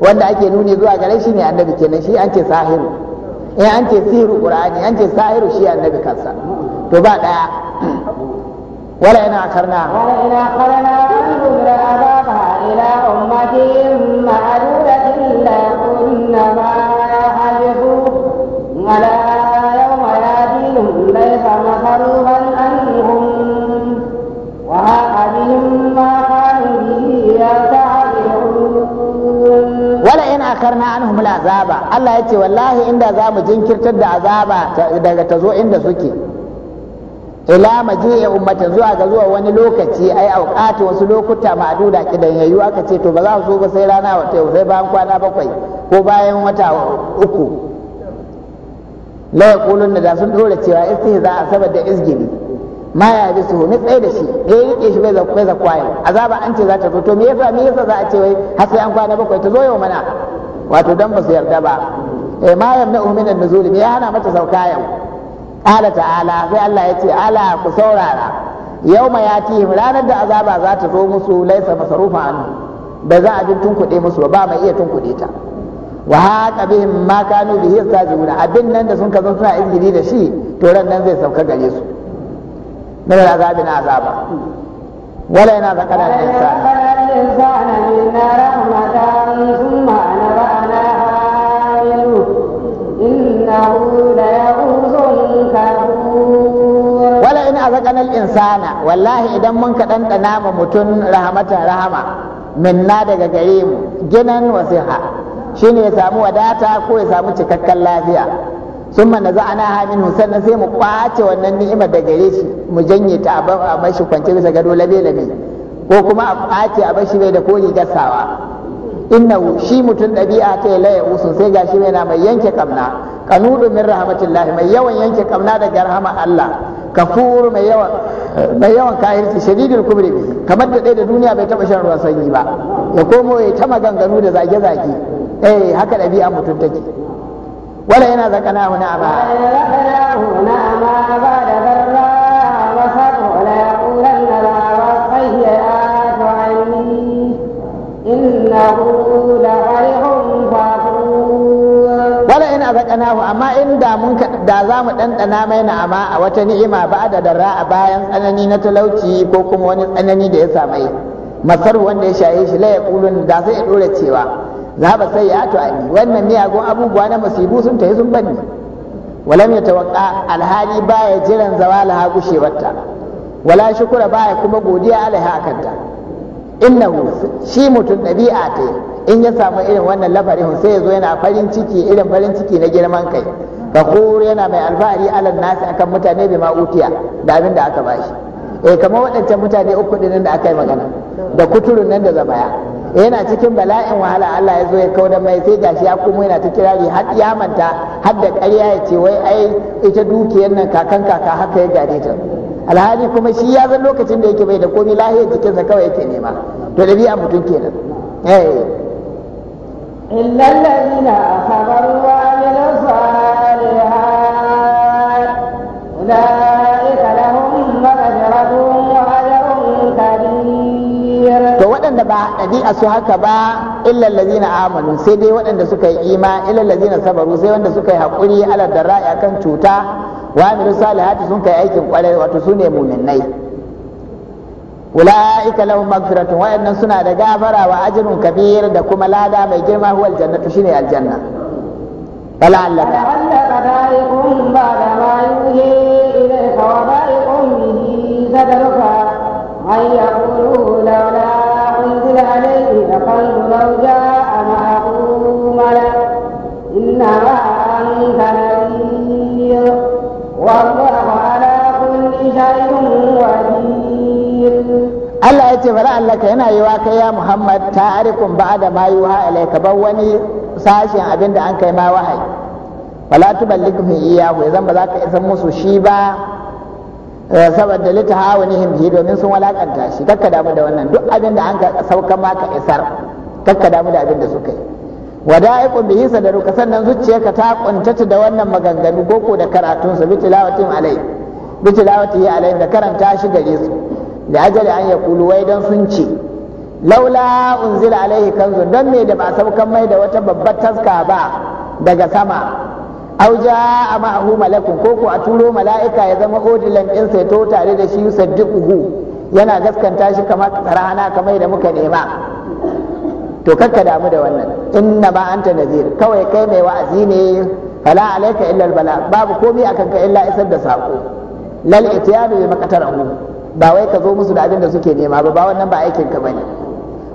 wanda ake nuni zuwa gare shi ne annabi kenan shi an ce sahiru eh an ce sihiru qur'ani an ce sahiru shi annabi kansa to ba daya wala ina karna wala ina karna ila adaba ila ummati ma adura illa kunna ma halifu ala yawma yadinu laysa mahruha akarna anhum azaba Allah ya ce wallahi inda za mu jinkirtar da azaba daga ta zo inda suke ila majiya ummatin zuwa ga zuwa wani lokaci ai auqati wasu lokuta ma'duda kidan yayu aka ce to ba za su zo ba sai rana wata sai bayan kwana bakwai ko bayan wata uku la yaqulun da sun dole cewa istihza da izgili ma ya ji su ni tsaye da shi ya yake shi bai kwaya, azaba an ce za ta zo to me yasa me yasa za a ce wai har sai an kwana bakwai ta zo yau mana wato dan ba su yarda ba eh ma na min an-nuzul ya hana mata sauka yau qala ta'ala sai Allah ya ce ala ku saurara yauma yatihim ranar da azaba za ta zo musu laisa masarufa an ba za a jin tunkuɗe musu ba mai iya tunkuɗe ta wa haka bihim ma kanu bihi yastajibuna abin nan da sun ka zo suna izgiri da shi to ran nan zai sauka gare su na da azabi na azaba wala yana zakara da zaƙanar insana wallahi idan mun ka ɗanɗana ma mutum rahmatan rahama minna daga gare mu ginan wasiha shine ya samu wadata ko ya samu cikakken lafiya sun mana za ana hamin sannan sai mu kwace wannan ni'imar da gare shi mu janye ta a bashi kwance bisa gado labe labe ko kuma a kwace a bashi bai da koli gasawa inna shi mutum ɗabi'a ta yi laye usun sai gashi yana mai yanke kamna kanudun min rahmatillahi mai yawan yanke kamna daga rahama Allah kafur mai yawan mai yawan kahirci shadidul kubri kamar da da duniya bai taba shan ruwan sanyi ba ya komo ya ta maganganu da zage zage eh haka ɗabi'a mutum take wala yana zakana na ba nahu amma in da mun da za mu ɗanɗana mai amma a wata ni'ima ba da darra a bayan tsanani na talauci ko kuma wani tsanani da ya samai masar wanda ya shaye shi la kulun da sai ya dora cewa za ba sai ya to ani wannan miyagun abubuwa na masibu sun tafi sun banni walam tawakka alhali baya jiran zawala ha gushewarta wala shukura baya kuma godiya alaiha kanta innahu shi mutum ɗabi'a ta in ya samu irin wannan lafarin sai ya zo yana farin ciki irin farin ciki na girman kai fakur yana mai alfahari alal nasi akan mutane bai ma utiya da abin da aka bashi eh kamar waɗancan mutane uku ɗin da aka yi magana da kuturun nan da zabaya yana cikin bala'in wahala Allah ya zo ya kauda mai sai gashi ya kuma yana ta kirari har ya manta har da ƙarya ya ce wai ai ita dukiyar nan kakan kaka haka ya gane ta alhali kuma shi ya zan lokacin da yake bai da komai lahiyar jikinsa kawai yake nema to a mutum kenan eh إلا الذين صبروا وعملوا الصالحات أولئك لهم مغفرة waɗanda ba ɗabi'a su haka ba illa lazina amanu sai dai waɗanda suka yi ima illa lazina sabaru sai wanda suka yi haƙuri ala da ra'ayi akan cuta wa amilu salihati sun kai aikin ƙwarai wato su ne muminai ulaika lahum maghfiratun wayannan suna da gafara wa ajrun kabir da kuma lada mai girma huwal jannatu shine aljanna فلعلك لعلك تارك بعد ما يوحي ce fara allaka yana yiwa kai ya muhammad ta'arikun ba da ma yuha alayka ba wani sashen abin da an kai ma wahayi wala tuballikum iyahu idan ba za ka isa musu shi ba eh, saboda lita wani bihi domin sun walakanta shi kakka damu da wannan duk abin da an ka sauka ma ka isar kakka damu da abin da suka yi wada'iqun bihi ka sannan zuciyarka ta kuntata da wannan maganganu koko da karatun sa bi tilawatin alai bi tilawati alai da karanta shi gare su da ajali an ya kulu wai don sun ce laula unzil alaihi kanzu don me da ba saukan mai da wata babbar taska ba daga sama au ja a ma'ahu malakun ko ko a turo mala'ika ya zama odilan ɗin sai to tare da shi ugu, yana gaskanta shi kamar rana kamar da muka nema to kakka damu da wannan inna an ta nazir kawai kai mai wa'azi ne fala alaika illar bala babu komai akan ka illa isar da sako lal itiyanu bi maqtarahu ba wai ka zo musu da abin da suke nema ba ba wannan ba aikin ka bane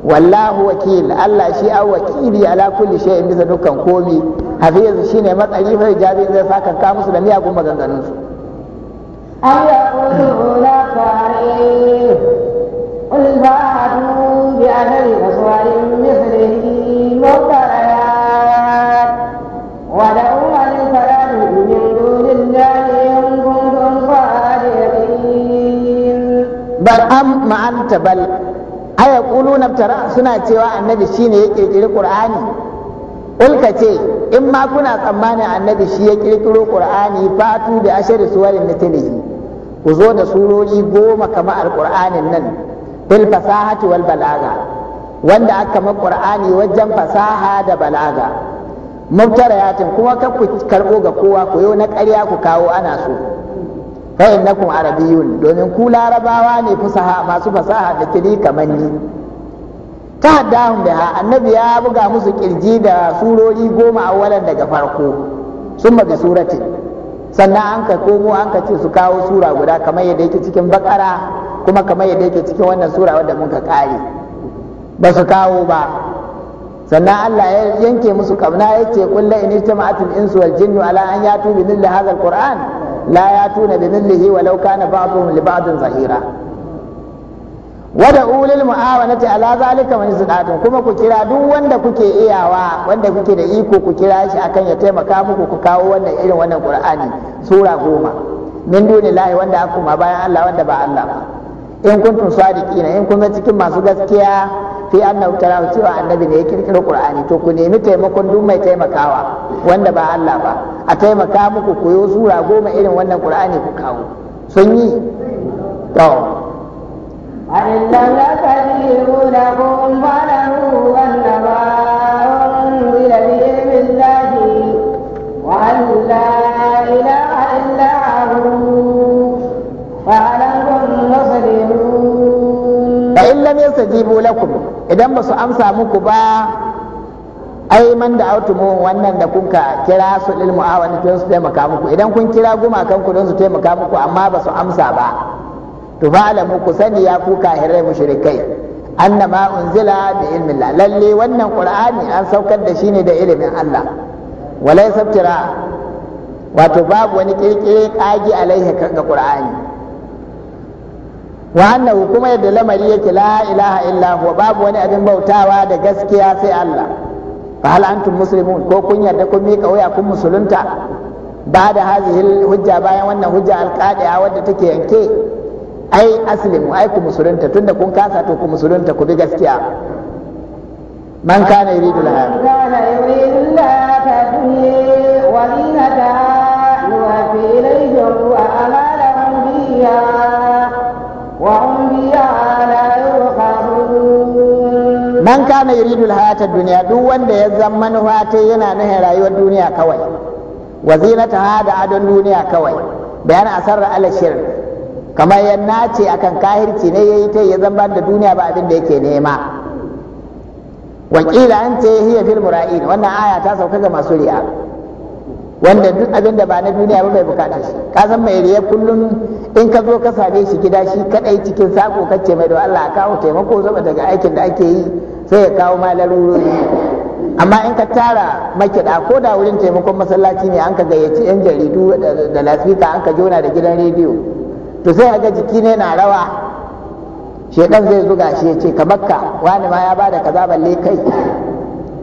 wallahu wakil Allah shi a wakili ala kulli shay'in bisa dukkan komi hafiz shine matsari fa jabi zai saka ka musu da miyagun maganganun su qul ba'du bi ahli ma anta bal aya quluna tara suna cewa annabi shine ya kirkiri qur'ani ulka ce in ma kuna tsammanin annabi shi ya kirkiro qur'ani fatu bi ashari suwarin mithlihi ku zo da surori goma kamar alqur'anin nan bil fasahati wal balaga wanda aka ma qur'ani wajen fasaha da balaga yatin kuma ka karɓo karbo ga kowa ku yau na ƙarya ku kawo ana so fa innakum arabiyun domin ku larabawa ne fasaha, masu fasaha da kiri kamar ni ta haddahum biha annabi ya buga musu kirji da surori goma a walan daga farko summa bi surati sannan an ka komo an ka ce su kawo sura guda kamar yadda yake cikin bakara kuma kamar yadda yake cikin wannan sura wadda muka kare ba su kawo ba sannan Allah ya yanke musu kamna ya ce kullu in ijtama'atul insu wal jinnu ala an yatu bi mithli hadha al-qur'an la ya tuna bi wa lauka na ba'dhum zahira wada ulil mu'awanati ala zalika wani istatatum kuma ku kira duk wanda kuke iyawa wanda kuke da iko ku kira shi akan ya taimaka muku ku kawo wannan irin wannan qur'ani sura goma min dunillahi wanda akuma bayan Allah wanda ba Allah ba in kuntum sadiqina in kun cikin masu gaskiya fi annahu tarahu cewa annabi ne ya kirkira qur'ani to ku nemi taimakon duk mai taimakawa wanda ba Allah ba a taimaka muku ku sura goma irin wannan qur'ani ku kawo sun yi to idan ba su amsa muku ba ai man da autumu wannan da kunka kira su ilmu mu'awani don su taimaka muku idan kun kira gumakan ku don su taimaka muku amma ba su amsa ba to fa'alamu ku sani ya ku kahirai mushrikai annama unzila bi ilmin lalle wannan qur'ani an saukar da shi ne da ilimin Allah walai sabtira wato babu wani kirkire kagi alaihi kan ga qur'ani wa annahu kuma yadda lamari yake la ilaha illa huwa babu wani abin bautawa da gaskiya sai Allah fa hal antum muslimun ko kun yarda kun mika waya kun musulunta ba da hazihi hujja bayan wannan hujja alqadiya wadda take yanke ai aslimu ai ku musulunta tunda kun kasa to ku musulunta ku bi gaskiya man kana yuridu al-hayat kana man kana yuridu alhayata dunya duk wanda ya zama manufa ta yana nahin rayuwar duniya kawai Wazirata ta hada adon duniya kawai bayan asarra ala shir kamar yan ce akan kahirci ne yayi ta ya zama da duniya ba abin da yake nema wa kila an hiya fil mura'in wannan aya ta sauka ga masu ri'a wanda duk abin da ba na duniya ba bai bukata shi ka san mai riya kullum in ka zo ka same shi gida shi kadai cikin sako kace mai da Allah kawo taimako saboda daga aikin da ake yi sai ya kawo ma larurori amma in ka tara makiɗa ko da wurin taimakon masallaci ne an ka gayyaci yan jaridu da lasfika an ka jona da gidan rediyo to sai ga jiki ne na rawa shedan zai zuga shi ya ce ka makka wani ma ya bada kaza balle kai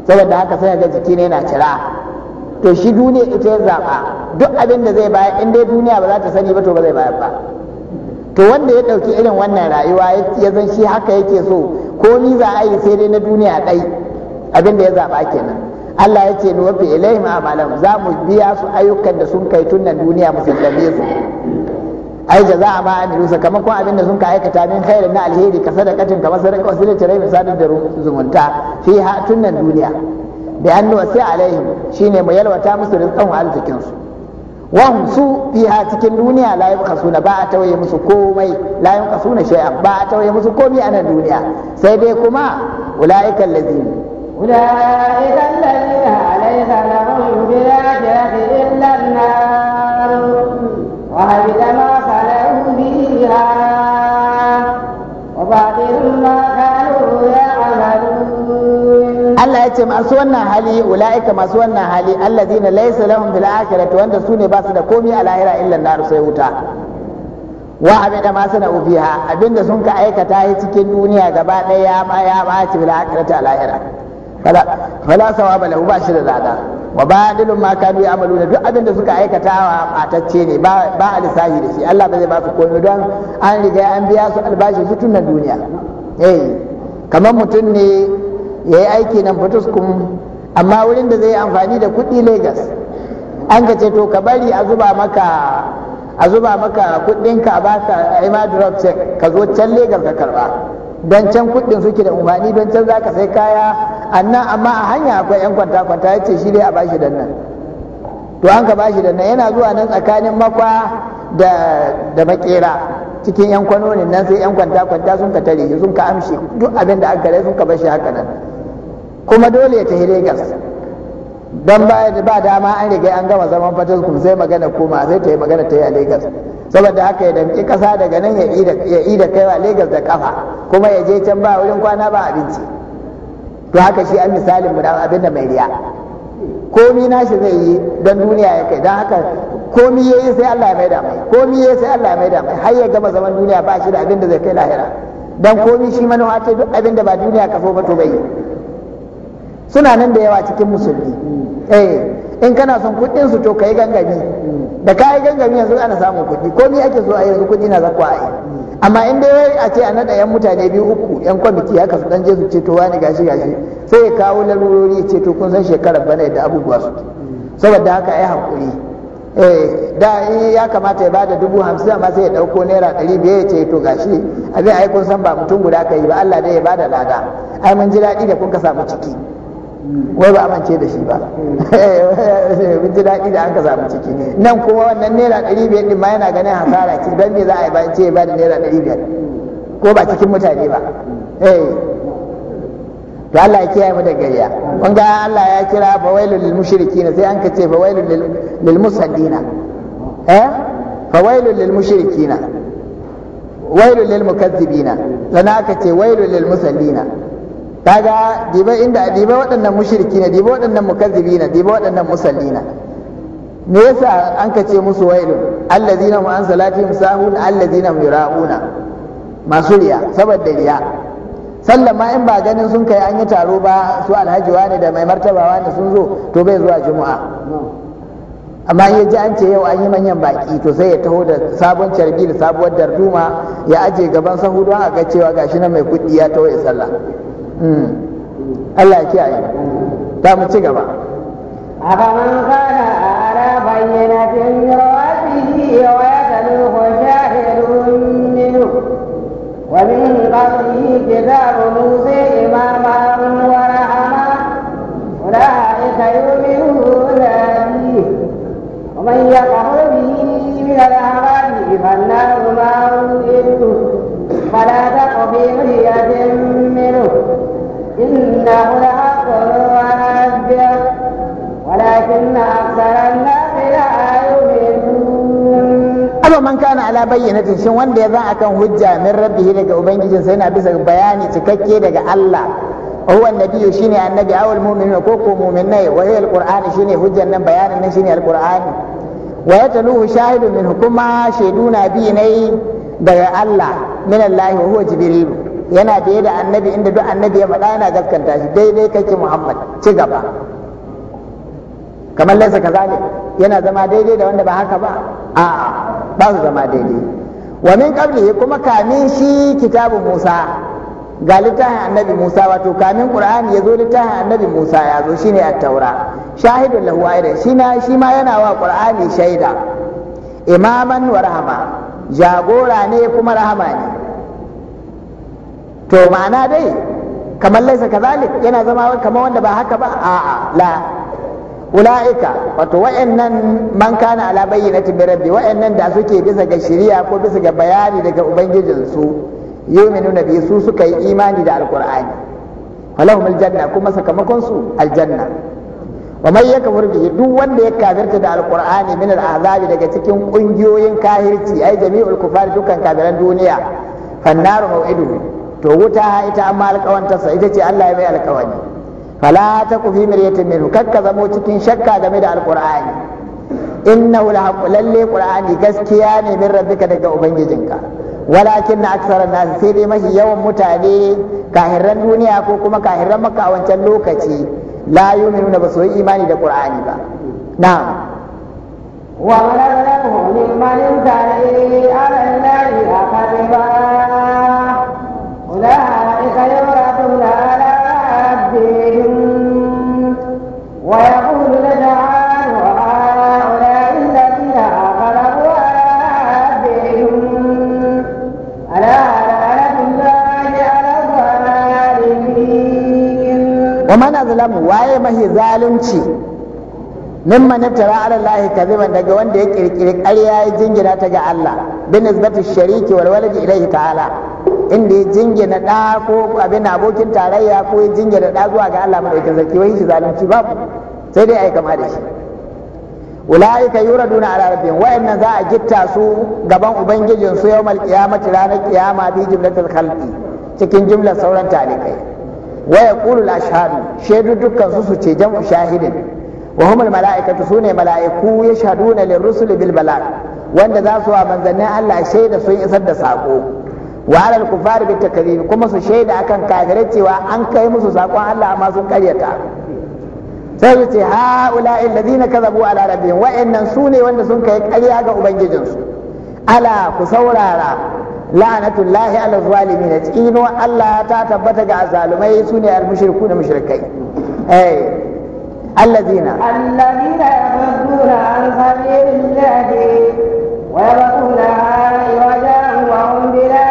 saboda haka sai ga jiki ne na cira to shi duniya ita ya zaɓa duk abin da zai baya in dai duniya ba za ta sani ba to ba zai bayar ba to wanda ya ɗauki irin wannan rayuwa ya zan shi haka yake so ko ni za a yi sai dai na duniya ɗai abin da ya zaɓa kenan Allah ya ce nuwafi ilayhim amalan za mu biya su ayyukan da sun kai tun nan duniya mu su ai jaza ma kamar sakamakon abin da sun kai aikata min khairin na alheri ka sadaqatin kamar sadaka wasilati rai misalin da zumunta fi ha tun duniya da an sai alaihim shine mu yalwata musu rizqan arzikin su wa hum su fiha cikin duniya la yabqasuna ba a tawaye musu komai la yabqasuna shay'an ba a tawaye musu komai a nan duniya sai dai kuma ulaika allazina ulaika ce masu wannan hali ula'ika masu wannan hali allazina laysa lahum fil akhirati wanda sune ba su da komai a lahira illa nar sai wuta wa abinda ma sana ubiha abinda sun ka aikata yi cikin duniya gaba daya ya ma ya ba ci bil akhirati a lahira fala sawaba lahu ba shi da zada wa badilun ma kanu ya'maluna duk abinda suka aikata wa batacce ne ba ba alisahi da shi Allah ba zai ba su komai don an riga an biya su albashi su duniya eh kamar mutum ne ya yi aiki nan fituskun amma wurin da zai amfani da kuɗi Legas an ka ce to ka bari a zuba maka a zuba maka kuɗinka a baka ima drop check ka zo can Legas ka karba don can kuɗin suke da umarni don can za ka sai kaya annan amma a hanya akwai yan kwanta kwanta ya ce shi dai a bashi da nan to an ka bashi da nan yana zuwa nan tsakanin makwa da da makera cikin yan kwanonin nan sai yan kwanta kwanta sun ka tare sun ka amshi duk abin da aka sun ka bashi haka nan kuma dole ya tafi Legas don baya da ba dama an riga an gama zaman kuma sai magana koma sai ta yi magana ta yi a Legas saboda haka ya damƙi ƙasa daga nan ya yi da kaiwa Legas da ƙafa kuma ya je can ba wurin kwana ba abinci to haka shi an misalin mu abin da mai riya komi nashi zai yi don duniya ya kai don haka komi ya yi sai Allah ya da mai komi ya yi sai Allah ya da mai har ya gama zaman duniya ba shi da abin da zai kai lahira dan komi shi manuwa ta duk abin da ba duniya ka so ba to bai suna nan da yawa cikin musulmi eh in kana son kuɗin su to kai gangami da kai gangami yanzu ana samun kuɗi ko ni ake so a yanzu kuɗi na zakwa ai amma in dai a ce a naɗa yan mutane biyu uku yan kwamiti haka su dan je su ce to wani gashi gashi sai ya kawo larurori ya ce to kun san shekarar bana da abubuwa su saboda haka ai hakuri eh da ya kamata ya bada dubu hamsin amma sai ya ɗauko naira ɗari biyar ya ce to gashi abin ai kun san ba mutum guda ka yi ba Allah dai ya bada lada ai mun ji daɗi da kun ka samu ciki wai ba amince da shi ba mun ji daɗi da aka samu ciki ne nan kuma wannan naira ɗari biyar ɗin ma yana ganin hasara ce don me za a yi bayan ce ba da naira ɗari biyar ko ba cikin mutane ba eh. to Allah ya kiyaye mu da gariya kun ga Allah ya kira fa wailul lil mushrikin sai an kace fa wailul lil musaddina eh fa wailul lil mushrikin wailul lil mukazzibina sannan aka ce wailul lil musallina kaga diba inda diba waɗannan mushriki ne diba waɗannan mukazzibi ne diba waɗannan musalli ne me yasa an ka ce musu wailun allazina mu an salatihim allazina yura'una masu riya saboda riya sallan ma in ba ganin sun kai an yi taro ba su alhaji wani da mai martabawa ne sun zo to bai zuwa juma'a amma ya ji an ce yau an yi manyan baki to sai ya taho da sabon carbi da sabuwar darduma ya aje gaban sahu don a ga cewa gashi nan mai kuɗi ya taho ya sallah Allah ya kiyaye ta mu ci gaba أفمن كان على ومن قبله به من الأعمال فالنار معه إنه لحق وأجل ولكن أكثر الناس لا Abu man kana ala bayyana shin wanda ya za a kan hujja min rabbihi daga ubangijin sai na bisa bayani cikakke daga Allah wa huwa nabiy shine annabi awal mu'min ko ko mu'minai wa hiya alquran shine hujjan nan bayanin nan shine alquran wa yataluhu shahidun min hukuma shaiduna bi nai daga Allah min Allah wa huwa jibril yana da da annabi inda duk annabi ya faɗa yana gaskanta shi daidai kake muhammad ci gaba kamar laisa kaza ne yana zama daidai da wanda ba haka ba a'a ba su zama daidai wa min qabli kuma kamin shi kitabu musa ga littafin annabi musa wato kamin qur'ani ya zo littafin annabi musa ya zo shine at-taura shahidul lahu shima shi na shi ma yana wa qur'ani shaida imaman wa rahama jagora ne kuma rahama ne to ma'ana dai kamar laisa kazalik yana zama kamar wanda ba haka ba a'a la ula'ika wato wa'annan man kana ala bayyinati bi rabbi wa'annan da suke bisa ga shari'a ko bisa ga bayani daga ubangijin su yuminu nabi su suka yi imani da alqur'ani falahum aljanna kuma sakamakon su aljanna wa man yakfur bihi duk wanda ya kafirta da alqur'ani min al'azabi daga cikin kungiyoyin kahirci ai jami'ul kufar dukkan kafiran duniya fannaru mau'iduhu to wuta ita amma alƙawantarsa ita ce Allah ya mai alƙawari fala ta ku fi miryatin min kakka zamo cikin shakka game da alƙur'ani innahu lahaqqu lalle qur'ani gaskiya ne min rabbika daga ubangijinka walakin na aksara nasu sai dai mafi yawan mutane kahirran duniya ko kuma kahirran maka a wancan lokaci la yu'minu ba su yi imani da qur'ani ba na'am وَمَنَ لَهُ da ابْتَلَيْهِ عَلَى النَّارِ mahi zalunci min maniftara ala Allah daga wanda ya kirkiri ƙarya ya jingina ta ga Allah bin nisbati shariki wal waladi ilayhi ta'ala inda ya jingina da ko abin abokin tarayya ko ya jingina da zuwa ga Allah madaukakin sarki wai shi zalunci babu sai dai ai kama da shi ulaika yuraduna ala rabbihim inna za a gitta su gaban ubangijin su yawmal qiyamati ranar qiyama bi jumlatil khalqi cikin jumlar sauran talikai wa yaqulu al-ashhadu shaidu dukkan su su ce jam'u shahidin wa hum al-mala'ikatu sune mala'iku na lirrusuli bil balagh wanda za su wa manzannin Allah shaida sun isar da sako wa alal kufari binta takzib kuma su shaida akan kafirai cewa an kai musu sakon Allah amma sun karyata sai su ce ha'ula alladhina kadhabu ala rabbihim wa'annan ne wanda sun kai karya ga ubangijinsu ala ku saurara la'anatullahi ala zalimin tsinuwa Allah ta tabbata ga azalumai ne al-mushriku da mushrikai eh allazina allazina yasudduna an sabilillahi wa yabquna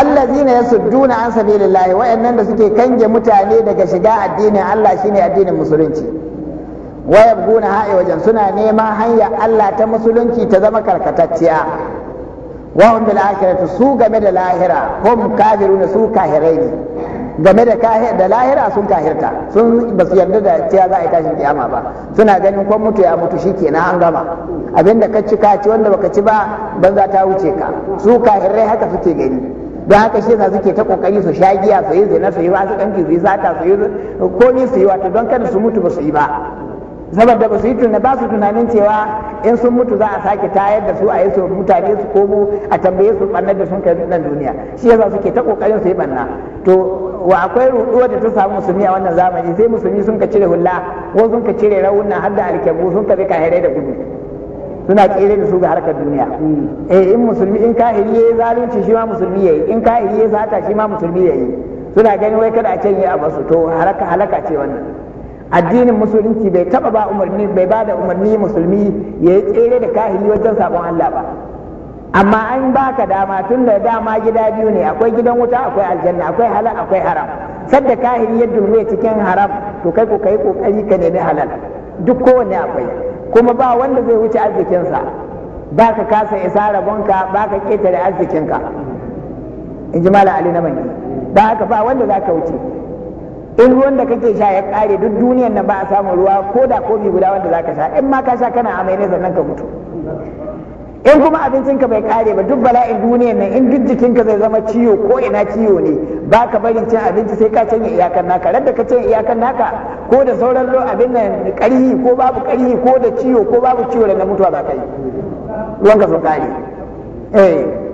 allazina yasudduna an sabilillahi wa'annan da suke kange mutane daga shiga addinin Allah shine addinin musulunci wayabguna haɗe wajen suna neman hanya Allah ta musulunci ta zama karkatacciya wa hum bil akhirati su game da lahira hum kafiruna su kahirai ne game da kahir da lahira sun kahirta sun ba su yarda da cewa za a yi tashin kiyama ba suna ganin ko mutu ya mutu shi kenan an gama abinda ka ci ka ci wanda baka ci ba banza ta wuce ka su kahirai haka suke gani don haka shi yasa suke ta kokari su sha giya su yi zina su yi wasu kanki su yi zata su yi komi su yi wato don kada su mutu ba su yi ba saboda ba su yi tunanin ba su tunanin cewa in sun mutu za a sake tayar da su a yi su mutane su komo a tambaye su bannar da sun kai nan duniya shi yasa suke ta kokarin su yi banna to wa akwai ruduwa da ta samu musulmi a wannan zamani sai musulmi sun ka cire hulla ko sun ka cire rauna har da alkebu sun ka bi kahirai da gudu suna tsere da su ga harkar duniya mm. eh in musulmi in kahiri yayi zalunci shi ma musulmi yayi in kahiri yayi sata shi ma musulmi yayi suna ganin wai kada a canye a basu to haraka halaka ce wannan addinin musulunci bai taba ba umarni bai ba da umarni musulmi ya yi tsere da kahiri wajen sabon Allah ba amma an baka dama tun da dama gida biyu ne akwai gidan wuta akwai aljanna akwai halal akwai haram sadda kahili ya dure cikin haram to kai ko kai kokari ka nemi halal duk kowanne akwai kuma ba wanda zai wuce arzikinsa ba ka kasa isa rabonka ba ka ketare ka in ji mala ali na mai. ba haka ba wanda za wuce in ruwan da kake sha ya kare duk duniyan nan ba a samu ruwa ko da kofi guda wanda za ka sha in ma ka sha kana amai ne sannan ka mutu in kuma abincinka bai kare ba duk bala'in duniyan nan in duk jikinka zai zama ciwo ko ina ciwo ne ba ka barin cin abinci sai ka canza iyakar naka radda ka canza iyakar naka ko da sauran abin nan karhi ko babu karhi ko da ciwo ko babu ciwo da na mutuwa za ka yi ruwanka sun kare eh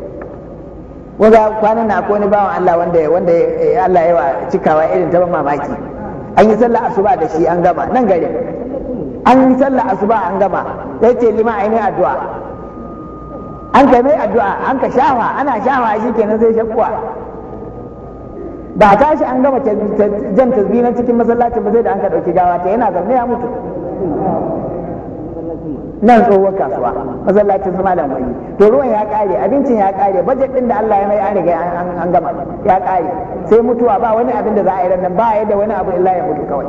wanda kwanan na akwai wani bawan Allah wanda wanda eh, Allah yawa cikawa irin ta mamaki an yi sallah asuba da shi an gama nan gari an yi sallah asuba an gama sai ce lima yi addu'a an kai mai addu'a an ka shafa ana shafa shi kenan sai shakkuwa ba shi an gama jan tasbihin cikin masallacin ba sai da an ka dauki gawa ta yana zaune ya mutu nan tsohuwar kasuwa masallacin su malam wani to ruwan ya kare abincin ya kare budget din da Allah ya mai an riga an gama ya kare sai mutuwa ba wani abin da za a yi nan ba yadda wani abu illa ya mutu kawai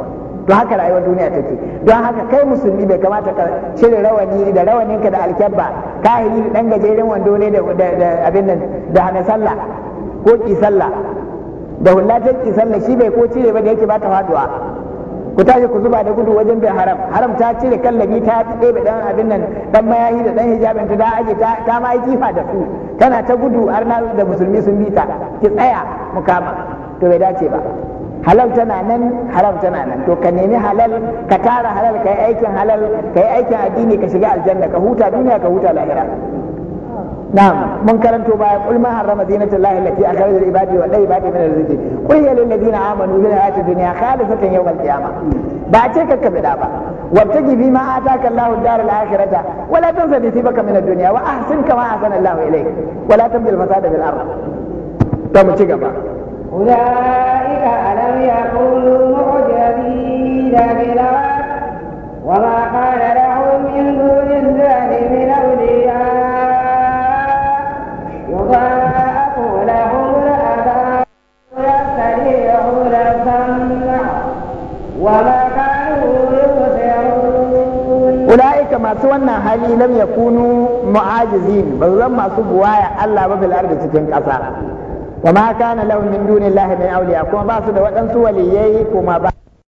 To haka rayuwar duniya take don haka kai musulmi bai kamata ka cire rawani da rawaninka da alkyabba Ka yi dan gajeren wando ne da abin nan da hana sallah ko ki sallah da hullatar ki sallah shi bai ko cire ba da yake ba ta faduwa ku tashi ku zuba da gudu wajen bin haram haram ta cire kallabi ta ɗebe dan abin nan dan mayahi da dan hijabin ta da aje ta ta ma kifa da su tana ta gudu har na da musulmi sun bi ta ki tsaya mu kama to bai dace ba halal tana nan haram tana nan to ka nemi halal ka tara halal ka yi aikin halal ka yi aikin addini ka shiga aljanna ka huta duniya ka huta lahira نعم من كرنتو با قل ما حرم زينة الله التي أخرج العباد والطيبات من الرزق قل هي للذين آمنوا في الحياة الدنيا خالصة يوم القيامة بعتك كبدا با وابتغي فيما آتاك الله الدار الآخرة ولا تنس نصيبك من الدنيا وأحسن كما أحسن الله إليك ولا تبغي الفساد في الأرض تم تجبا أولئك ألم يكونوا معجبين بالأرض وما قال masu wannan hali lam kunu mu'ajizin ba zan masu buwaya Allah ba bil ardi cikin ƙasa wa ma kana lahum min dunillahi min awliya kuma ba su da waɗansu waliyai kuma ba